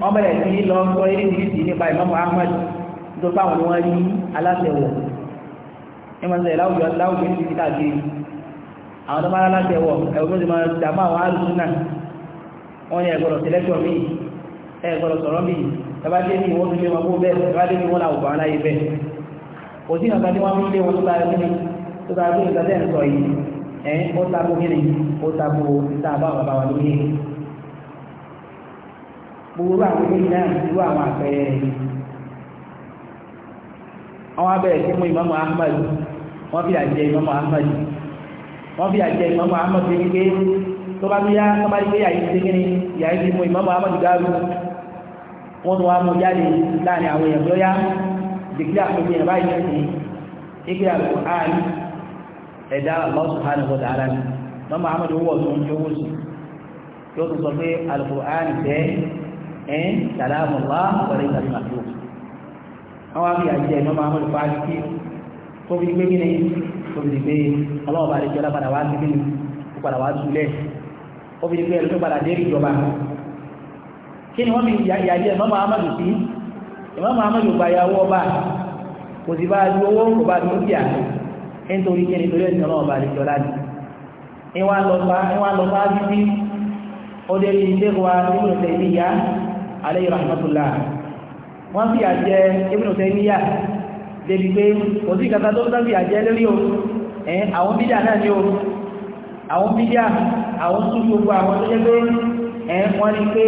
wọ́n bẹ̀rẹ̀ sí lọ sọ eréjìrìsì nípa Imam Ahmad tó bá wọn wọ́n rí aláṣẹwọ̀ nígbàtí láwùjọ láwùjọ ní ti káàkiri àwọn tó bá aláṣẹwọ̀ ẹ̀wọ̀n tó ti máa dàmú àwọn alùsùn náà wọ́n yẹ ẹ̀gbọ́dọ̀ tẹ̀lẹ́tọ̀ míì ẹ̀gbọ́dọ̀ sọ̀rọ̀ míì tàbá dé ní ìwọ́n tó lé wọn kó bẹ́ẹ̀ tàbá dé ní wọ́n làwọ̀ bá láyé bẹ́ẹ̀ kò sí ìgbà tí wọ́n fi lé wọn tó tayọ kíni tó tayọ kíni tó tẹ́ẹ̀ sọ yìí ẹ̀ ó tako kíni ó tako tá a bá bàbá wa lóye gbogbo àwọn eléyìí náà irú àwọn àpẹẹrẹ rẹ̀ àwọn abẹ́rẹ́ sí mú ìmọ̀mọ̀ Ahmad wọ́n fi àjẹ ìmọ̀mọ̀ Ahmad wọ́n fi àjẹ ìmọ̀mọ̀ Ahmad ní pé tó bá bí yá tó bá rí pé yàrá ìṣe kíni yàrá ìṣe mú ìmọ̀mọ̀ Ahmad gáàrú wọ́n tó wá mú jáde láàrin àwọn èèyàn lọ́yá dìgbà àpòjì ẹ̀ báyìí ní ìgbé àpò àárín ẹ̀dá Allah subhanahu wa ta'ala ni wọ́n máa mọ́jú owó ọ̀tún tí owó sùn yóò tún sọ pé Al-Qur'an tẹ́ ẹ̀ sàlámùlá wọlé ìtàlímàtò wọ́n wá bí àjẹ́ ẹ̀ máa mọ́jú pa kí tó fi gbé ó padà kí ni wọ́n fi yàjẹ́ ìmọ̀ muhammadu sí ìmọ̀ muhammadu gba ìyàwó ọba kò sì bá ju owó kò bá ju dúkìá nítorí kí ni torí ẹ̀sìn ọlọ́ọ̀bà àdìjọ láti ìwà lọ bá títí ó dé ní ilé wa nínú ìṣẹ́ ìníyà alayhi rahmatullah wọ́n fi àjẹ́ ibùdó ìṣẹ́ ìníyà débi pé kò sí ìkàtà tó sábì àjẹ́ lórí o ẹ̀yìn àwọn bídíà náà ni o àwọn bídíà àwọn tún gbogbo àwọn tó jẹ́ pé ẹ̀ wọ́n ní pé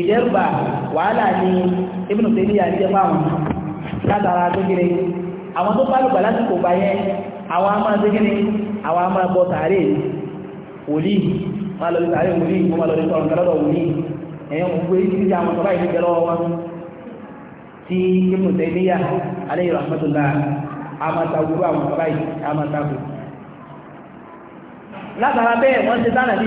ìdẹ́rùbà wàhálà ni ibùdó tẹ́ ní àjẹ́ fáwọn látara tó kéré àwọn tó bálùgbà lásìkò bá yẹn àwọn a máa tẹ́kéré àwọn a máa bọ́ tààrí wòlíì máa lọ tààrí wòlíì mo máa lọ sí ọ̀rùn kálọ́dọ̀ wòlíì ẹ̀yẹn mo gbé títí àwọn sọ́bà ìlú jẹ́lọ́ wọn tí ibùdó tẹ́ ní yà alayhi rahmatullah a máa ta gbogbo àwọn sọ́bà yìí a máa ta gbogbo látara bẹ́ẹ̀ wọ́n ti tánà bí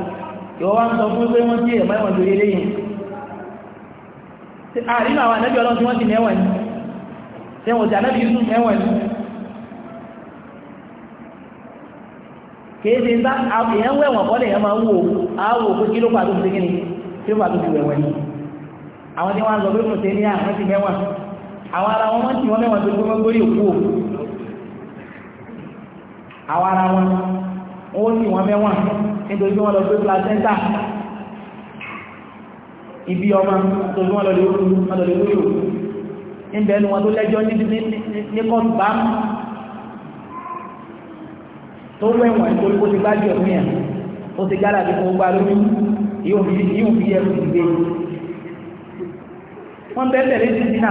yóò wá ń sọ fún pé wọ́n tí èèmọ́ ẹ̀wọ̀n lórí eléyìn àrínú àwọn ànábì ọlọ́run tí wọ́n ti mẹ́wọ̀n ní tẹ́wọ̀n tí ànábì yusuf mẹ́wọ̀n ní kéèdè ńlá èèyàn wẹ̀wọ̀n kọ́lẹ̀ èèyàn máa ń wò áwò pé kí ló tó kí ló tó wẹ̀wọ̀n ní nítorí wọ́n lọ gbé placenta ibi ọmọ nítorí wọ́n lọ lè wúlò wọ́n lọ lè wúlò níbẹ̀ ẹnu wọn tó lẹ́jọ́ ní kọ́ọ̀tù bá tó wẹ̀wọ̀n nítorí kó ti gbájú ẹ̀mú yẹn ó ti gálà bí fún gbálórí yóò fi yẹ fún ìgbé wọ́n bẹ́ẹ̀ tẹ̀lé sí dínà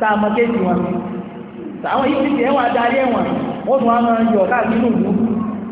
tá a mọ kéèkì wọn àwọn ìpìtì ẹ̀wọ̀n adarí ẹ̀wọ̀n wọ́n tún wá máa ń yọ̀ káàkiri nù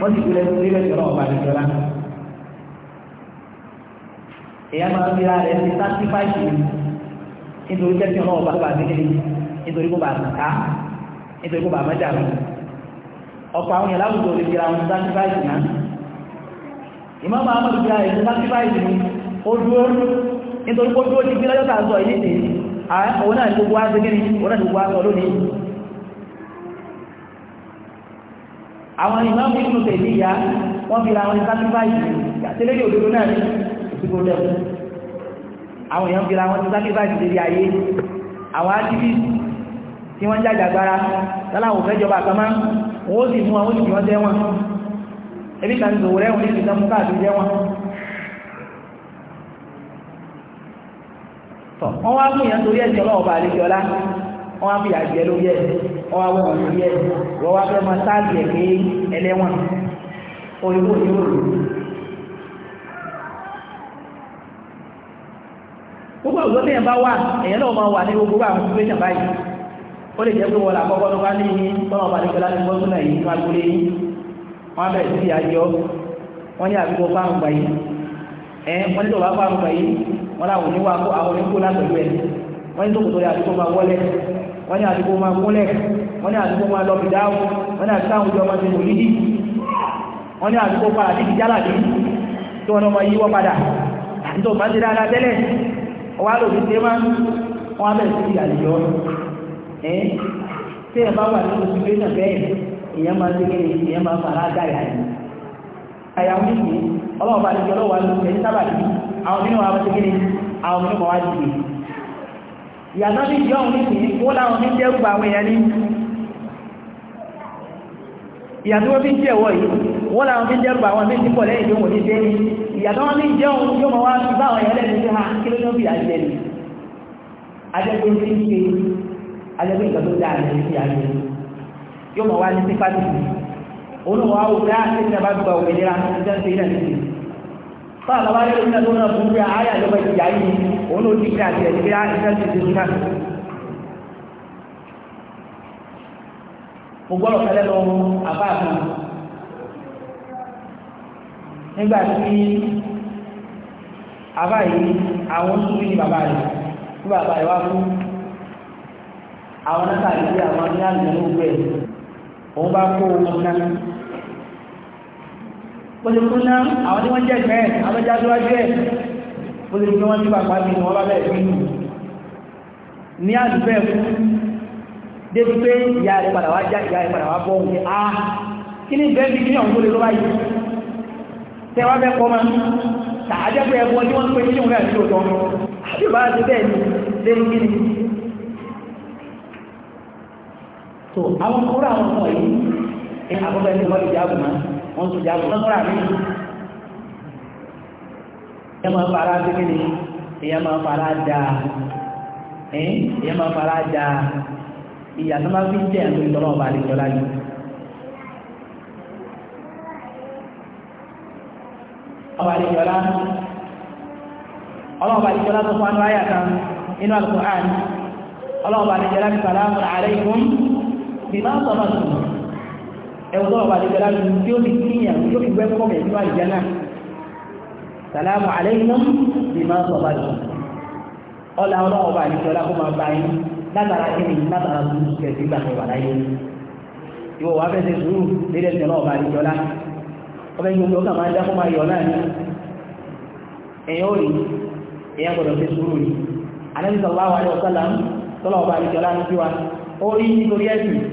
wọ́n ti fi lẹ́nu sílẹ̀ ìrọ̀ ọ̀bà nìjọba. èyí á máa fi ra rẹ̀ ní sátífáìsì nítorí jẹ́ kí ọ̀nà ọ̀bà bá ti kéde nítorí kó bá ká nítorí kó bá má dàrú. ọ̀pọ̀ àwọn yẹn láwùjọ lè fira wọn sátífáìsì náà. ìmọ̀ máa mọ̀ fira rẹ̀ ní sátífáìsì ni ó dúró nítorí kó dúró ti fi lọ́jọ́ àwọn ìmáàmù inú tẹ̀lé ìyá wọ́n fi ra wọn ní sákífáìsì àtẹ́lẹ́dẹ̀ òdodo náà ní ìsìnkú lẹ́wọ̀ àwọn èèyàn fi ra wọn ní sákífáìsì lórí ayé àwọn activist tí wọ́n jàjàgbara láláwò fẹ́jọba àkàmá wọ́n sì mú àwọn òṣìṣẹ́ wọn tẹ́wọ̀n ẹbí kan ìṣòwò rẹ̀wọ̀n ní ìṣẹ́ mú káàkiri jẹ́wọ̀n wọ́n wá mú ìyàn torí ẹ̀sìn ọlọ́wọ́ bá àlejò ọwọ́ àwọn ọmọ ìdí ẹ̀ wọ́n wá fẹ́ máa sáàbì ẹ̀ pé ẹlẹ́wọ̀n òyìnbó ni ó lò. gbogbo àwùjọ tẹ̀yìn bá wà èèyàn náà máa wà ní gbogbo àwọn ìgbésẹ̀ ìjàmbá yìí ó lè jẹ́ pé wọ́n là kọ́kọ́ tó bá ní tọ́nà ọba nígbà láti gbọ́ súnà yìí wá gbólé yìí wọ́n bẹ̀rẹ̀ sí àjọ wọ́n ní àbíkó fáwọn gbà yìí ẹ̀ wọ́n nílò wá fáwọn gbà yìí wọ́n láwọn oníwà àwọn oníkó látọ̀jú ẹ̀ wọ́n ní tòkòtò rẹ̀ àbíkó máa wọ́lẹ̀ wọ́n ní àdúgbò máa múlẹ̀ wọ́n ní àdúgbò máa lọ bìdáwò wọ́n ní àdúgbò àwùjọ máa ti wò wọ́n ní àdúgbò padà sí tí wọ́n máa padà máa ti dáadáa tẹ́lẹ̀ ọwá lò ní tẹ́mà wọ́n á bẹ̀rẹ̀ sí àlejò ẹ̀ tí ẹ̀ bá wà ní àwọn ìyàtọ̀ bí ìjọ òun nìkì ó láwọn ní jẹ́ gbà àwọn èèyàn ní ìyàtọ̀ bí jẹ́ ẹ̀wọ̀ yìí wọ́n láwọn ní jẹ́ gbà àwọn bí ti pọ̀ lẹ́yìn tó wọ́n ní jẹ́ ní ìyàtọ̀ wọn ní jẹ́ òun yóò mọ̀ wá sí bá àwọn ẹ̀lẹ́ni tí ha kí ló ló bí àjẹ́ ni tí ń ní ti fáwọn bàbá rẹ̀ lónìí tó náà fún bí ààyè àjọba ìjà yìí òun ló ti kí àti ẹ̀ bí iṣẹ́ ti ti ká. mo gbọ́dọ̀ kẹ́lẹ́ lọ àbá kan nígbà tí àbá yìí àwọn ń sùn ní bàbá rẹ̀ tí bàbá rẹ̀ wá fún àwọn náà tàbí àwọn ní àlùmọ́ òun bá kó wọn náà bójú kún náà àwọn tí wọ́n jẹ́ ìgbẹ́ abẹ́já síwájú ẹ̀ bójú kún wọ́n ti pàpà bí wọ́n bá bẹ̀rẹ̀ nínú ní àdúgbẹ́ fún débi pé ìyá rẹ̀ padà wá já ìyá rẹ̀ padà wá bọ́ òun a ah, kí ní bẹ́ẹ̀ bí kíyàn gbólé ló bá yìí tẹ́ wá bẹ́ẹ̀ kọ́ ma tàájẹ́ pé ẹgbọ́n tí wọ́n pé kí òun rẹ̀ sí òtọ́ àti bá ti bẹ́ẹ̀ ni lẹ́nu kí ni so àwọn kúrò àwọn ọmọ yìí ẹ̀ àbọ̀bẹ̀ ni wọ́n ti jágùn máa wọ́n tún jà wọ́n múra mí. èèyàn máa fara kékeré èèyàn máa fara da èèyàn máa fara da ìyá tó máa fi ń jẹ́ ẹ̀sùn ìtọ́nà ọba àlejò láyé. ọba àlejò lá ọlọ́ọ̀bà àlejò lá tó fún kan inú Al-Qur'an ọlọ́ọ̀bà àlejò lá ti sàlámù ẹ̀wọ̀n náà wà nígbàlá ní tí ó ti kíyàn tó fi wẹ́ fọ́ọ̀mù ẹ̀mí wà ìjánà sàlámù aláìkùm bí máa sọ bá jù ọlá ọlọ́wọ́ bá nígbà ọlá kó máa bá yín látara kíni látara tó ti tẹ̀sí gbà tó wà láyé ìwọ wà fẹsẹ̀ sùúrù lédè ẹ̀sẹ̀ náà bá nígbà ọlá ọbẹ̀ yìí ó kà máa dá kó máa yọ náà ní ẹ̀yàn ò rí gbọ́dọ̀ fẹ́ sùúrù ní alẹ́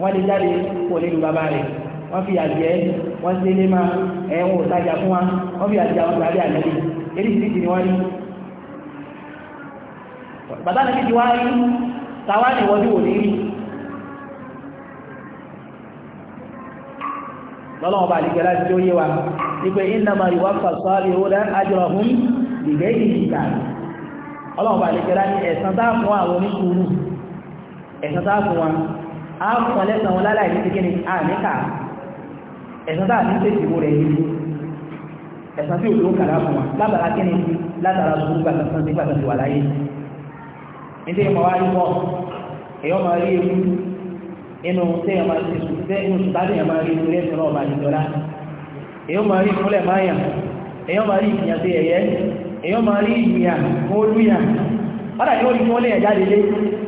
wọ́n lè jáde kó lè bàbá rẹ̀ wọ́n fi àjẹ́ wọ́n ti lé máa ẹ̀wọ̀n òtajà fún wa wọ́n fi àjẹ́ àwọn ìgbàlẹ̀ àjẹ́lẹ̀ eré ìsìnkú ni wọ́n rí bàbá nàbí ti wá rí tàwa ni wọ́n ní wò lọ́lọ́wọ́ bá tí ó yé wa dá àjọ ọlọ́wọ́ bá ẹ̀sán táà fún àwọn ẹ̀sán táà a fún ọlẹ́sàn wọn láláì ní tíkíní àníkà ẹ̀sán tàà ní tètè ìwò rẹ̀ yìí ẹ̀sán tí ò kàrà fún wa látara gbogbo gbàgbàsán sí gbàgbàsí wà láyé nítorí ìmọ̀ wá rí bọ́ èyàn rí ewu inú rí rí rí rí rí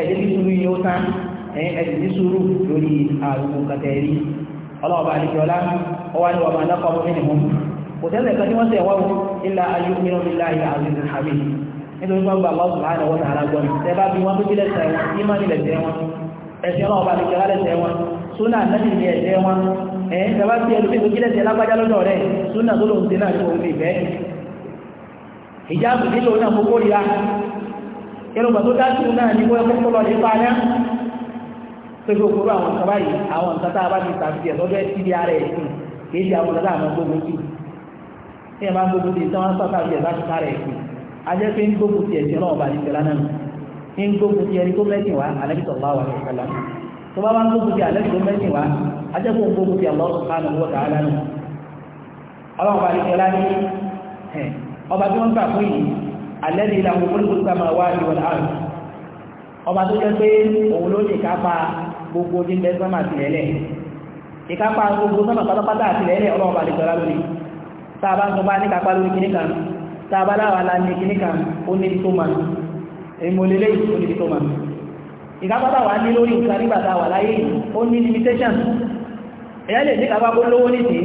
ẹ̀jẹ̀ ní sùúrù yìí ó tán ẹ̀jẹ̀ ní sùúrù lórí àrùn kàtẹ́rì ọlọ́ọ̀bá àdìjọ́lá ọwá ní wàmà lọ́kọ̀ọ́ mínìmù kò tẹ́lẹ̀ kan tí wọ́n tẹ̀ wọ́n ilá ayé mínú nílá ayé àzìzì àmì nítorí wọ́n gba lọ́sù láàrín wọ́n tààrà gbọ́n tẹ́ bá bí wọ́n tó jílẹ̀ tẹ́ wọn ní má nílẹ̀ tẹ́ wọn ẹ̀sìn ọlọ́ọ̀bá àdìjọ́lá ẹrùgbà tó dájú náà ní wọ́n kọ́kọ́ lọ lè paná pé gbogbo àwọn nǹkan báyìí àwọn nǹkan tá a ara kìí ṣe àwọn ọ̀dọ́ àwọn gbogbo tì ẹ̀ máa gbogbo tí wọ́n sọ́kà bí ẹ̀ láti kára ẹ̀ ajẹ́ pé ń gbogbo ẹ̀sìn náà bá ń gbogbo ẹni tó mẹ́sìn ọba tí wọ́n alẹ́ni ìlànà olùkú sábà wá ìwọ̀n àrùn ọba tó jẹ́ pé òun ló ní ìkápá gbogbo ní ilẹ̀ sọ́mà tìlẹ̀lẹ̀ ìkápá gbogbo sọ́mà pátápátá àtìlẹ̀lẹ̀ ọlọ́ọ̀bà lè sọ́ra lórí sábà tó bá ní kápá lórí kìíní kan sábà láwà la ní kìíní kan ó ní tó mà ìmọ̀lélẹ́ ó ní tó mà ìkápá táwà ní lórí nǹkan nígbà táwà láyé ó ní limitation èyàn lè ní kápá kó lówó nìsín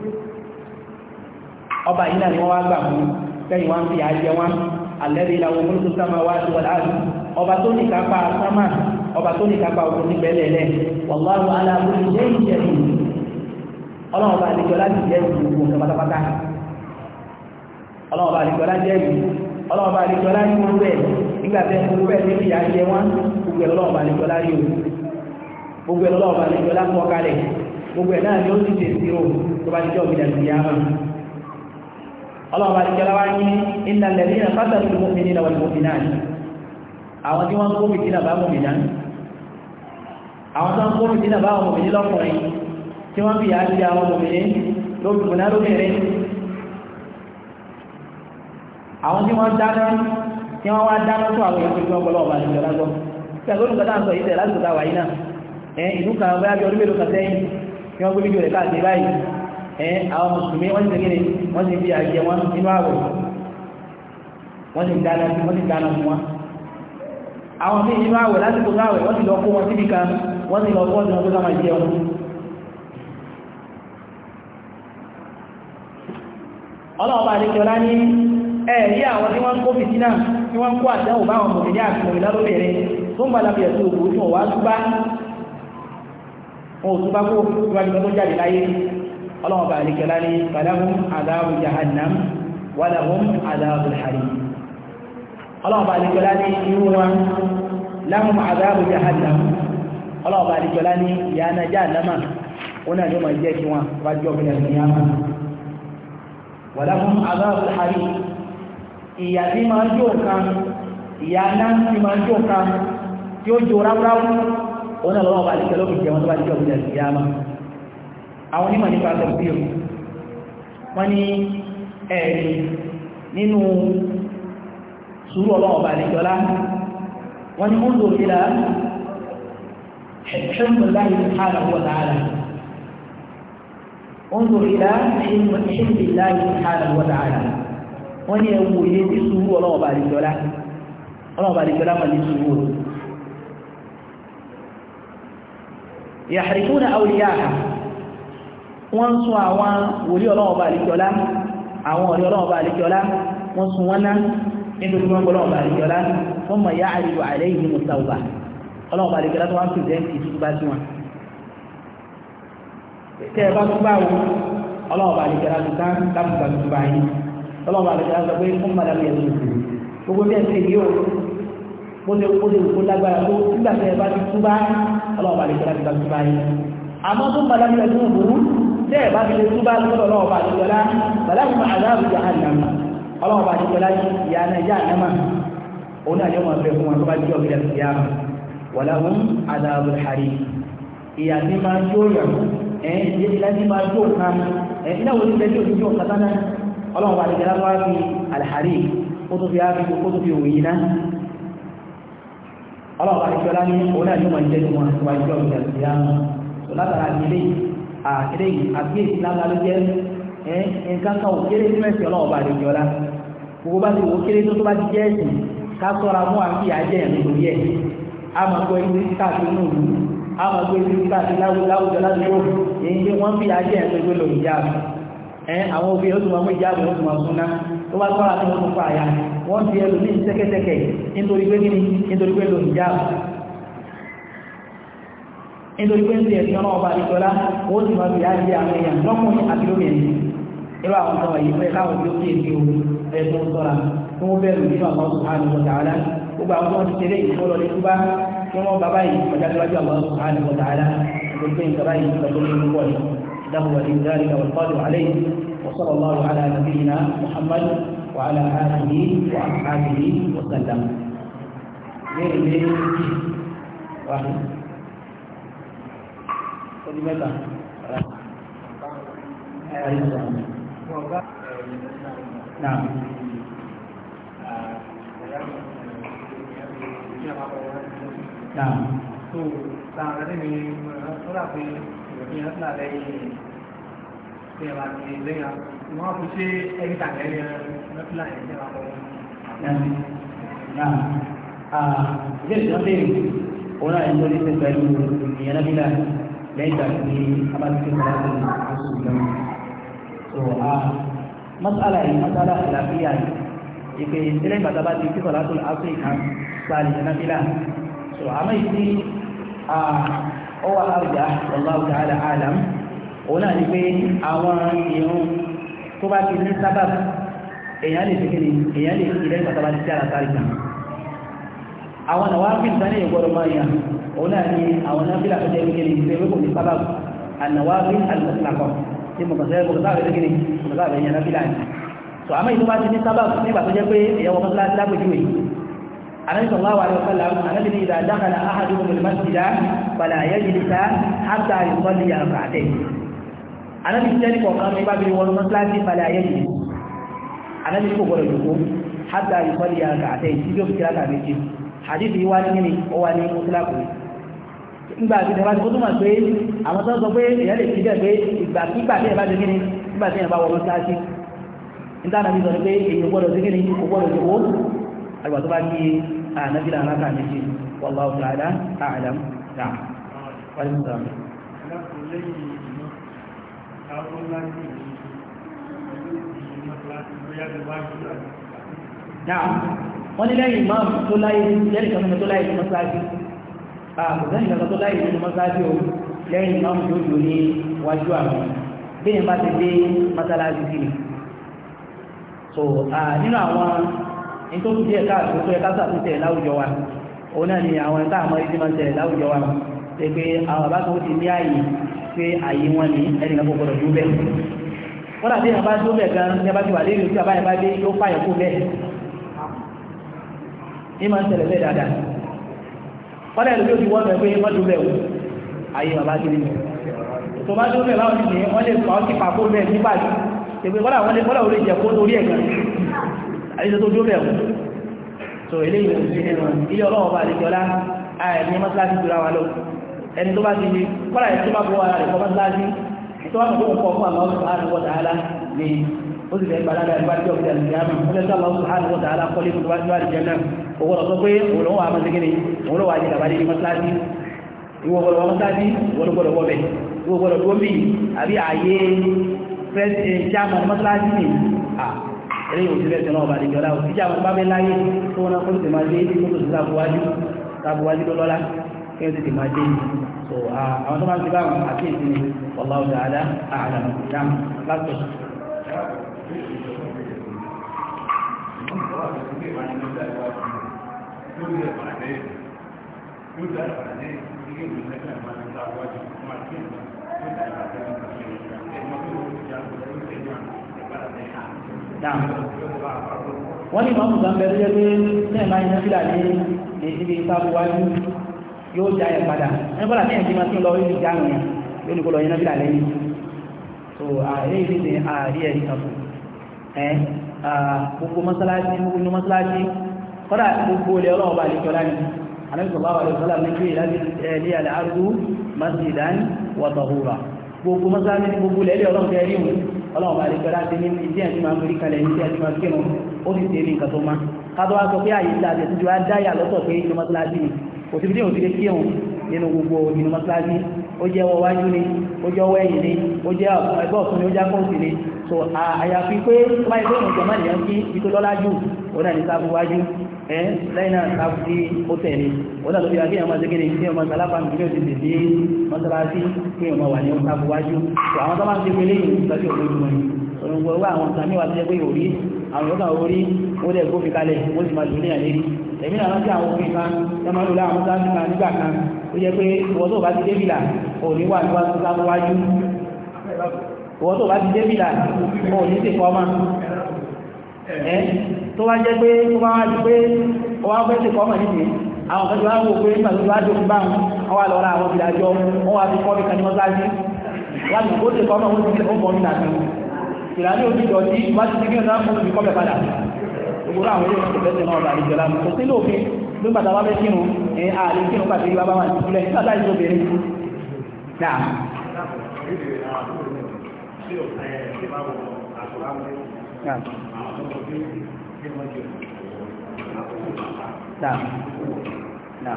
ọba yìí náà ni wọ́n wá gbà fún kẹ́yìn wọ́n fi àjẹ wọn alẹ́bí ìlà wọn sáma wá sí ọba tó ní kápá sámà ọba tó ní kápá ogun ní ala kulli shay'in qadir ọlọ́run ọba àlejò láti jẹ́ ìgbòho pátápátá ọlọ́run ọba àlejò láti jẹ́ ìgbòho ọlọ́run ọba àlejò láti bẹ́ẹ̀ nígbà tẹ́ bẹ́ẹ̀ wọn gbogbo ọlọ́run bá dìkẹ́ lọ́wọ́ ní iná lẹ́rí náà pátàlì mọ́mìnì náà wọlùmọ́mìnà àwọn tí wọ́n gómìnì náà bá mọ́mìnà àwọn tó ń gómìnì náà bá mọ́mìnì lọ́kùnrin tí wọ́n bí i àti àwọn mọ́mìnì lóbìnà lóbìnrin àwọn tí wọ́n dáná tí wọ́n àwọn mùsùlùmí wọ́n ti gíní wọ́n ti fi àjẹ wọn nínú àwẹ̀ wọ́n ti dáná sí wọ́n ti dáná fún wọn àwọn míì nínú àwẹ̀ ndị láwẹ̀ wọ́n ti lọ kó wọn síbi kan wọ́n ti lọ kó wọn sí wọn ní ẹ̀rí àwọn tí wọ́n kó fìtínà tí wọ́n kó ọlọ́wọ́ bá àríkẹ́lá ní falahum adhabu jahannam walahum adhabu al-harim ọlọ́wọ́ bá àríkẹ́lá ní irú wọn lahum adhabu jahannam ọlọ́wọ́ bá àríkẹ́lá ní ìyáná jahannama wọn náà ni ó máa jẹ́ kí wọn bá jọ bí ẹ̀sìn yá máa walahum adhabu al-harim ìyá tí máa jó kan ìyá ńlá tí máa jó kan tí ó jó ráúráú wọn náà lọ́wọ́ bá àríkẹ́lá ó fi jẹun tó bá jọ bí ẹ̀sìn yá àwọn onímọ̀ nípa tẹ̀lbíò wọ́n ní ẹ̀rí nínú sùúrù ọlọ́ọ̀bà àlejọ́lá wọ́n ní mọ́tò ìlà حلم الله سبحانه وتعالى إلى حلم حلم الله سبحانه وتعالى wọ́n ní ẹwú ilé tí sùúrù ọlọ́ọ̀bà àdìjọ́lá ọlọ́ọ̀bà àdìjọ́lá mọ̀ wọ́n ń sun àwọn wòlí ọlọ́wọ́ bá àlejọ́lá àwọn ọ̀rẹ́ ọlọ́wọ́ bá àlejọ́lá wọ́n sun wọ́n ná nítorí wọ́n gbọ́ ọlọ́wọ́ bá àlejọ́lá wọ́n mọ̀ yá àlejò àlẹ́ yìí mú sàwùbà ọlọ́wọ́ bá àlejọ́lá tó wá ń pèsèǹtì tó bá sí wọn. tẹ́ ẹ bá tún bá wọn ọlọ́wọ́ bá àlejọ́lá tó tán lábùgbà tó bá yín ọlọ́wọ́ bá àlejọ́lá sọ pé fún madame yẹn gbogbo bí ẹ ti yí o bó ṣe kó lè kó lágbára tó nígbà tẹ́ ẹ bá ti túbá ọlọ́wọ́ bá àlejọ́lá ti bá túbá yín àmọ́ tó padà bí ẹ tún burú tẹ́ ẹ̀ bá fi lè túbá lọ́dọ̀ náà ọba àdìgbọ́lá bàlámù àdáàbò jà ànàmà ọlọ́wọ́ ọba àdìgbọ́lá ìyá náà ìyá ànàmà òun náà yóò máa fẹ́ fún wọn tó bá jẹ́ ọ̀gbìn ẹ̀sìn yá wàlámù àdáàbò hàrí ìyá ní máa ń yóò yàn ẹ̀ ìyá ní máa yóò kan ẹ̀ iná wo ni bẹ́ẹ̀ yóò yóò kata náà ọlọ́wọ́ ọba àdìgbọ́lá wá fi àlàhàrí kó tó fi á fi kó tó fi òun yìí náà ọlọ́wọ́ àdìgbọ́lá ní òun náà yóò máa jẹ́ àkéré yìí àbíyèsí lára ló jẹ́ ẹ nǹkan kan ò kéré nínú ẹ̀sìn ọlọ́wọ́ bá lè jọra gbogbo bá ti wò kéré tó tó bá ti jẹ́ ẹ̀sìn ká sọ́ra mú àbí àjẹ́ ẹ̀mí lórí ẹ̀ a máa gbọ́ ibi tí káàkiri nù lù a máa gbọ́ ibi tí káàkiri láwùjọ ládùúgbò èyí pé wọ́n fi àjẹ́ ẹ̀mí lórí lòun já ẹ àwọn obìnrin ó tún máa mú ìjáàbò ó tún tó bá sọ́ra tó ń fa àyà wọ́n ti ẹlòmíì sẹ́kẹ́sẹ́kẹ́ nítorí pé nítorí pé lòun já nítorí pé ń tẹ̀ sí ọlọ́ọ̀bá àdìsọ́lá ó sì máa fi àjẹ́ àwọn èèyàn lọ́kùnrin àti lóbìnrin irú àwọn ọmọ yìí fẹ́ káwọn tó kí èdè o ẹ̀sùn sọ́ra tí wọ́n bẹ̀rù nínú àwọn ọ̀sán ọ̀tà àdá gbogbo àwọn ti tẹ̀lé ìfọ́lọ́ ní túbá tí wọ́n bàbá yìí ọjà síwájú àwọn ọ̀sán ọ̀tà àdá nítorí pé nǹkan báyìí والقادر عليه وصلى الله على نبينا محمد وعلى آله وأصحابه وسلم. Thank you ọdún mẹ́ta Nah, so, tak ada ni, orang ni, ìyẹn ńlá lẹ́yìn ìyẹn bá ti lẹ́yìn àwọn àwọn ṣe ẹni tà lẹ́yìn mẹ́fìlà yẹn ní àwọn ọmọ. Ilé ìjọba lè òun náà ń lórí pẹ̀lú ìyẹn náà lẹ́yìn ìgbà tí a bá so masala yìí masala àlàáfíà yìí ìpè ìdílé ìgbàta bá ti so àmọ́ ìdí ọwọ́ àrùjá wallahu ta'ala a'lam òun náà ni pé àwọn ìrún tó bá lè fi kí ni èèyàn lè fi lẹ́yìn ìgbàta bá ti fi àlàáfíà àwọn àwọn afíntaní ìgbọ́dọ̀ máa yà òun náà ni àwọn náfílà tó jẹ́ ìgbẹ́ni ìgbẹ́ kò ní sábàbù ànàwárí alìmọ̀tàkọ̀ tí mo kàṣẹ́ mo kàṣẹ́ àwẹ̀ gẹ́gẹ́ mo kàṣẹ́ àwẹ̀ yẹn náfílà ni so àmọ́ ìlú bá ti ní sábàbù nígbà tó jẹ́ pé èyàn wọn mọ́sálásí lápòjúwe anabi sallallahu alaihi wasallam anabi ni idha dakhala ahadukum al-masjid fala yajlis hatta yusalli rak'atayn anabi jẹ́ ní kọ̀ọ̀kan ní bá bí wọn mọ́sálásí fala yajlis anabi kò gbọ́dọ̀ jókòó hatta yusalli rak'atayn tí yóò fi kíra kà hadith yìí wá ní kíni ó wá ní mọ́síláàkù ni nígbà tí ìjọba ti kó túmọ̀ pé àwọn tó ń sọ pé èèyàn lè fi bẹ́ẹ̀ pé ìgbàkígbà tí ìyàbá ti kíni nígbà tí ìyàbá wọ mọ́síláàkì nígbà náà ti sọ pé èèyàn gbọ́dọ̀ na kíni kò gbọ́dọ̀ wallahu ta'ala a'lam wọ́n ní lẹ́yìn imam tó láyé lẹ́yìn kan tó láyé nínú mọ́sáájú ààbò lẹ́yìn kan tó láyé nínú mọ́sáájú o lẹ́yìn imam tó dùn ní wájú àwọn bí ni bá ti dé mọ́sáájú sí ni so nínú àwọn nítorí díẹ̀ káàkiri tó yẹ ká sàtúntẹ̀ láwùjọ wa òun náà ni àwọn ẹ̀ka àmọ́ ìdí máa ń tẹ̀lé láwùjọ wa ṣe pé àwọn bàbá kan ó ti ní ààyè pé ààyè wọn ni ẹnì kan kò gbọdọ̀ dúró bẹ́ẹ̀ wọ́n dàbí ẹ̀ bá dúró bẹ́ẹ̀ gan-an ní máa ń tẹ̀lẹ̀ bẹ́ẹ̀ dáadáa wọ́n lẹ́nu tó ti wọ́n bẹ̀ pé wọ́n dúró bẹ̀wò ayé bàbá kiri tó bá dúró bẹ̀ báwọn ti nìyẹn wọ́n lè pa ọ́ sí pàkó bẹ́ẹ̀ nígbà tí èpè wọ́n làwọn lè kọ́lá orí jẹ̀ kó lórí ẹ̀gbẹ̀ ayé tó dúró bẹ̀wò tó eléyìí kò sí nínú ilé ọlọ́wọ́ bá lè jọlá àìní mọ́sálásí jura wa lọ ẹni tó bá ti di kọ́lá ẹ̀ tó bá bọ́ ara rẹ̀ kọ́ mọ́sálásí tó bá mọ̀ tó ń kọ́ fún àmọ́ ó sì fẹ́ gbalada ìgbà tí ọ̀gbìn àti ìyá mọ̀ ọjọ́ sábà ọ̀sùn hàn wọ́n tààlà kọ́lé fún wájú àti jẹ́nà owó lọ sọ pé òun wà á mọ̀sẹ́gẹ́ni òun wà á jẹ gàbàdé ní mọ́sálásí ìwọ gbọ́dọ̀ wọ eh, mọ́sálásí wọ́n ní ìmọ̀mù sàn bẹ̀rẹ̀ pé mẹ́ẹ̀má iná fílà ní ìdíbi ìsáwọ́wájú yóò já ẹ̀ padà ẹgbọ́nà tí ẹ̀dí máa tí lọ ìdí jáàmù yẹn yóò ní kó lọ iná fílà lẹ́yìn so ààrẹ ìdíje ààrí ẹ̀rí kan fún ẹ́ gbogbo mọ́sálásí gbogbo mọ́sálásí kọ́dà gbogbo ilẹ̀ ọlọ́wọ́ bá àlejò láti anábìsọ̀ bá wà lọ́sọ́lá ní pé láti ẹ̀lí àlẹ́ arúgbó masjidan wa tahura gbogbo mọ́sálásí ní gbogbo ilẹ̀ ọlọ́wọ́ tẹ́ rí wọn ọlọ́wọ́ bá àlejò láti ní ìdí àti máa mórí kalẹ̀ ìdí àti máa kírun ó sì tẹ̀lé nǹkan tó má kátó wá ó jẹ́ ọwọ́ wájú ni ó jẹ́ ọwọ́ ẹ̀yìn ni ó jẹ́ ẹgbẹ́ ọ̀tún ni ó jẹ́ akọ́ọ̀tì ni so àyàfi pé wáyé pé ìjọ máa nìyàn kí ibi tó lọ́lá jù òun náà ní sáfù wájú ẹ lẹ́yìn náà sáfù sí ó tẹ̀lé òun náà ló ní sáfù wájú so àwọn tó máa ń òrùngbọ̀ wá àwọn ìsàmì wà tẹ́lẹ̀ pé orí àwọn ìyọ́kà orí wọ́n dẹ̀ gbófin kalẹ̀ wọ́n sì máa lò níyàn lérí ẹ̀mí náà rántí àwọn òfin kan tẹ́ máa lò láwọn sáńtì kan nígbà kan ó jẹ́ pé ìwọ́n tó bá ti dé bìlà òní wà níwájú sáwájú ìwọ́n tó bá ti dé bìlà òní sì kọ́ máa ẹ́ tó wá jẹ́ pé tó bá wá ju pé ó wá fẹ́ sì kọ́ mọ̀ nídìí àwọn kan tó wá wò pé nígbà tó wá dòkú báwọn wọ́n wá lọ́ra àwọn ìlàjọ wọ́n wá fi kọ́ mi kan ní mọ́sáájú wọ́n ti kọ́ mọ̀ wọ́n ti fi ọkọ̀ mi nàbí ìlànà òjìjọ tí ìwádìí tí kíyàn náà fún ìkọ́bẹ̀ padà gbogbo àwọn ilé ìwọ̀n tẹ̀lẹ́sẹ̀ náà bàrí jọlá kò sí lóòfin nígbà tá a bá fẹ́ kírun ẹ̀ ààrẹ kírun pàtó ìgbà bá wà nípìnlẹ̀ nígbà tá ìjọ bẹ̀rẹ̀ náà. Náà. Náà.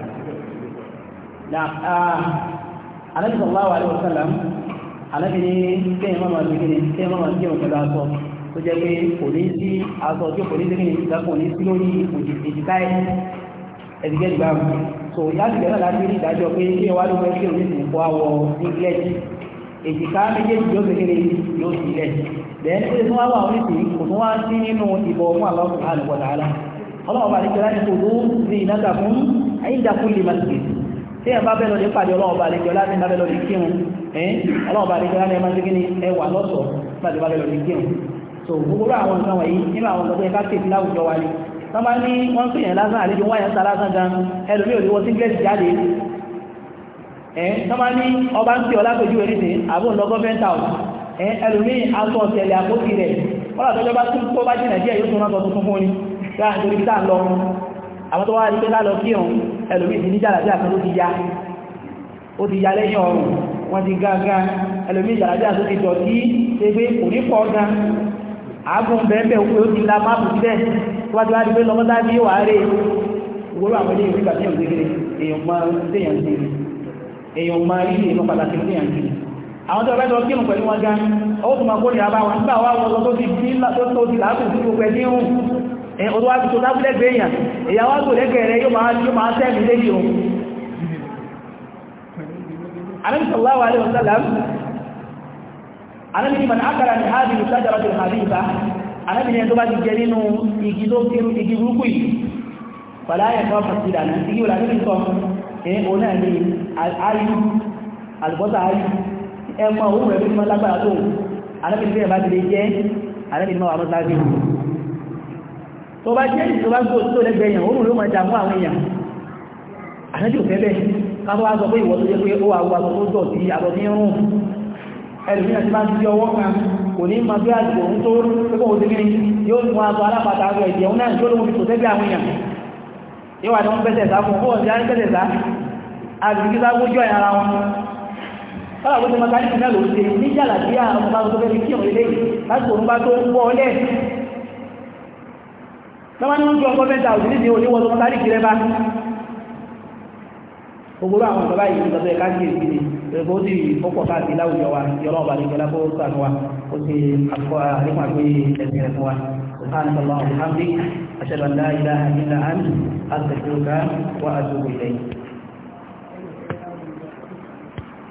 Náà. Àlejò sọ̀rọ̀ wà lóòótọ́ alábìíní kéèyàn máa máa gbégbé kéèyàn máa máa jẹun pẹ̀lú aṣọ tó jẹ́ pé kò ní sí aṣọ tí kò ní sí kéèyàn ìgbà ní sí lórí èjìká ẹ̀ so láti bẹ̀rẹ̀ láti rí ìdájọ́ pé kí wàá ló fẹ́ kí òun sì kó àwọ̀ nílẹ̀ èjìká méjèèjì yóò gbégbé yóò sí ilẹ̀ bẹ́ẹ̀ ni ó lè tún wá wà oníṣìí kò tún wá sí nínú ìbọ̀ fún àlọ́ ọlọ́wọ́ bá nígbà láti kò lóò sí ìnáta fún àyíjà fún lè máa tìgbè tí ẹ̀ ní pàdé Eh, ọlọ́run bá adékẹ́lá ní ẹ máa ń dégbé ní ẹwà lọ́sọ̀ọ́ nígbà tí ó bá bẹ̀rẹ̀ lórí kírun so gbogbo àwọn nǹkan wọ̀nyí nínú àwọn ọ̀dọ́ ẹ̀ká kéèkì láwùjọ wa ni wọ́n máa ní wọ́n pè yàn lásán àlejò wáyà ń ta lásán gan ẹlòmí ò ní eh, wọ́n síngilẹ́tì jáde ẹ̀ wọ́n máa ní ọba ń pè ọ lápèjú ẹni sí àbò ń lọ gọ́fẹ́ntà ẹ̀ ẹlòmí aṣọ ọ̀tẹ̀lẹ̀ àpótí rẹ̀ wọ́n àtọ́jọ́ bá tún kó bá jìnà díẹ̀ yóò tún rántọ́ tuntun fún ni láàrín torí tá lọ àwọn tó wá rí pé lálọ kírun ẹlòmí ti ní jàlá sí àkàndó ti ya ó ti ya lẹ́yìn ọrùn wọ́n ti gágá ẹlòmí ìdàrájá tó ti dọ̀tí ṣe pé kò ní pọ̀ gan àágùn bẹ́ẹ̀bẹ̀ ó ti la máàpù sílẹ̀ tó bá ti wá di pé lọ́mọ́dá bí wàá rè ìwòrò àwọn ilé ìrìnkà tí òṣèré èèyàn máa ń tèèyàn sí èèyàn máa rí ìlú pàtàkì tèèyàn sí àwọn tó ọ̀rẹ́ tó kírun pẹ̀lú wọn gan owó tó máa kó nìyà bá wọn nígbà wá wọn tó ti bí tó ti làákùn sí gbogbo ẹni hùn ọdún wá ti tó lábúlẹ̀gbẹ̀ èèyàn èèyàn wá tó lẹ́gbẹ̀ẹ́ rẹ yóò máa tẹ́ẹ̀mí lé Ànábì sallallahu alaihi wasallam Ànábì ní man akala min hadhihi shajarati al-khabitha Ànábì ní tó bá ti jẹ nínú igi tó kéré igi burúkú yìí fala yakhafu sidana igi wala ni ko eh ona ni al-ayu al-bata ayu e ma o re bi ma lágbára tó Ànábì ní bá ti lè jẹ Ànábì ní ma wa masaji tó bá jẹ tó bá go tó lè gbe yan o ru ló ma ja mu àwọn èyàn Ànábì ó fẹ́ bẹ́ẹ̀ kátó wá sọ pé ìwọ tó jẹ́ pé ó wà wà tó dọ̀ sí àtọ̀ ní rùn ẹlòmíràn ti máa ń fi ọwọ́ kan kò ní máa bí àjò òun tó pẹ́kọ̀ òun ti kí ni yóò mú aṣọ alápàtà aṣọ ẹ̀jẹ̀ òun náà yóò lóun fi tò tẹ́bí àwọn èèyàn yóò wà ní wọ́n bẹ́sẹ̀ sá fún ọwọ́ sí àríkẹ́sẹ̀ sá àbìkí sá gbójú ẹ̀yà ara wọn kọ́lá gbójú mẹkáníkì náà ló ṣe níjàlá bí àwọn ọmọ bá tó fẹ́ fi kí òun lé láti òun bá tó ń bọ́ ọlẹ́ lọ́wọ́ ni wọ́n jọ ọkọ̀ mẹ́ta òsì gbogbo àwọn ọ̀dọ́ báyìí lọ́dọ̀ ẹ̀ká sí èsì ni ẹ̀kọ́ sì fọ́pọ̀ káàkiri láwùjọ wa yọ́rọ̀ ọba ní ìjọba fọ́wọ́ sànú wa ó ti àkọ́ àríwá pé ẹ̀sìn rẹ̀ fún wa سبحانك اللهم وبحمدك أشهد أن لا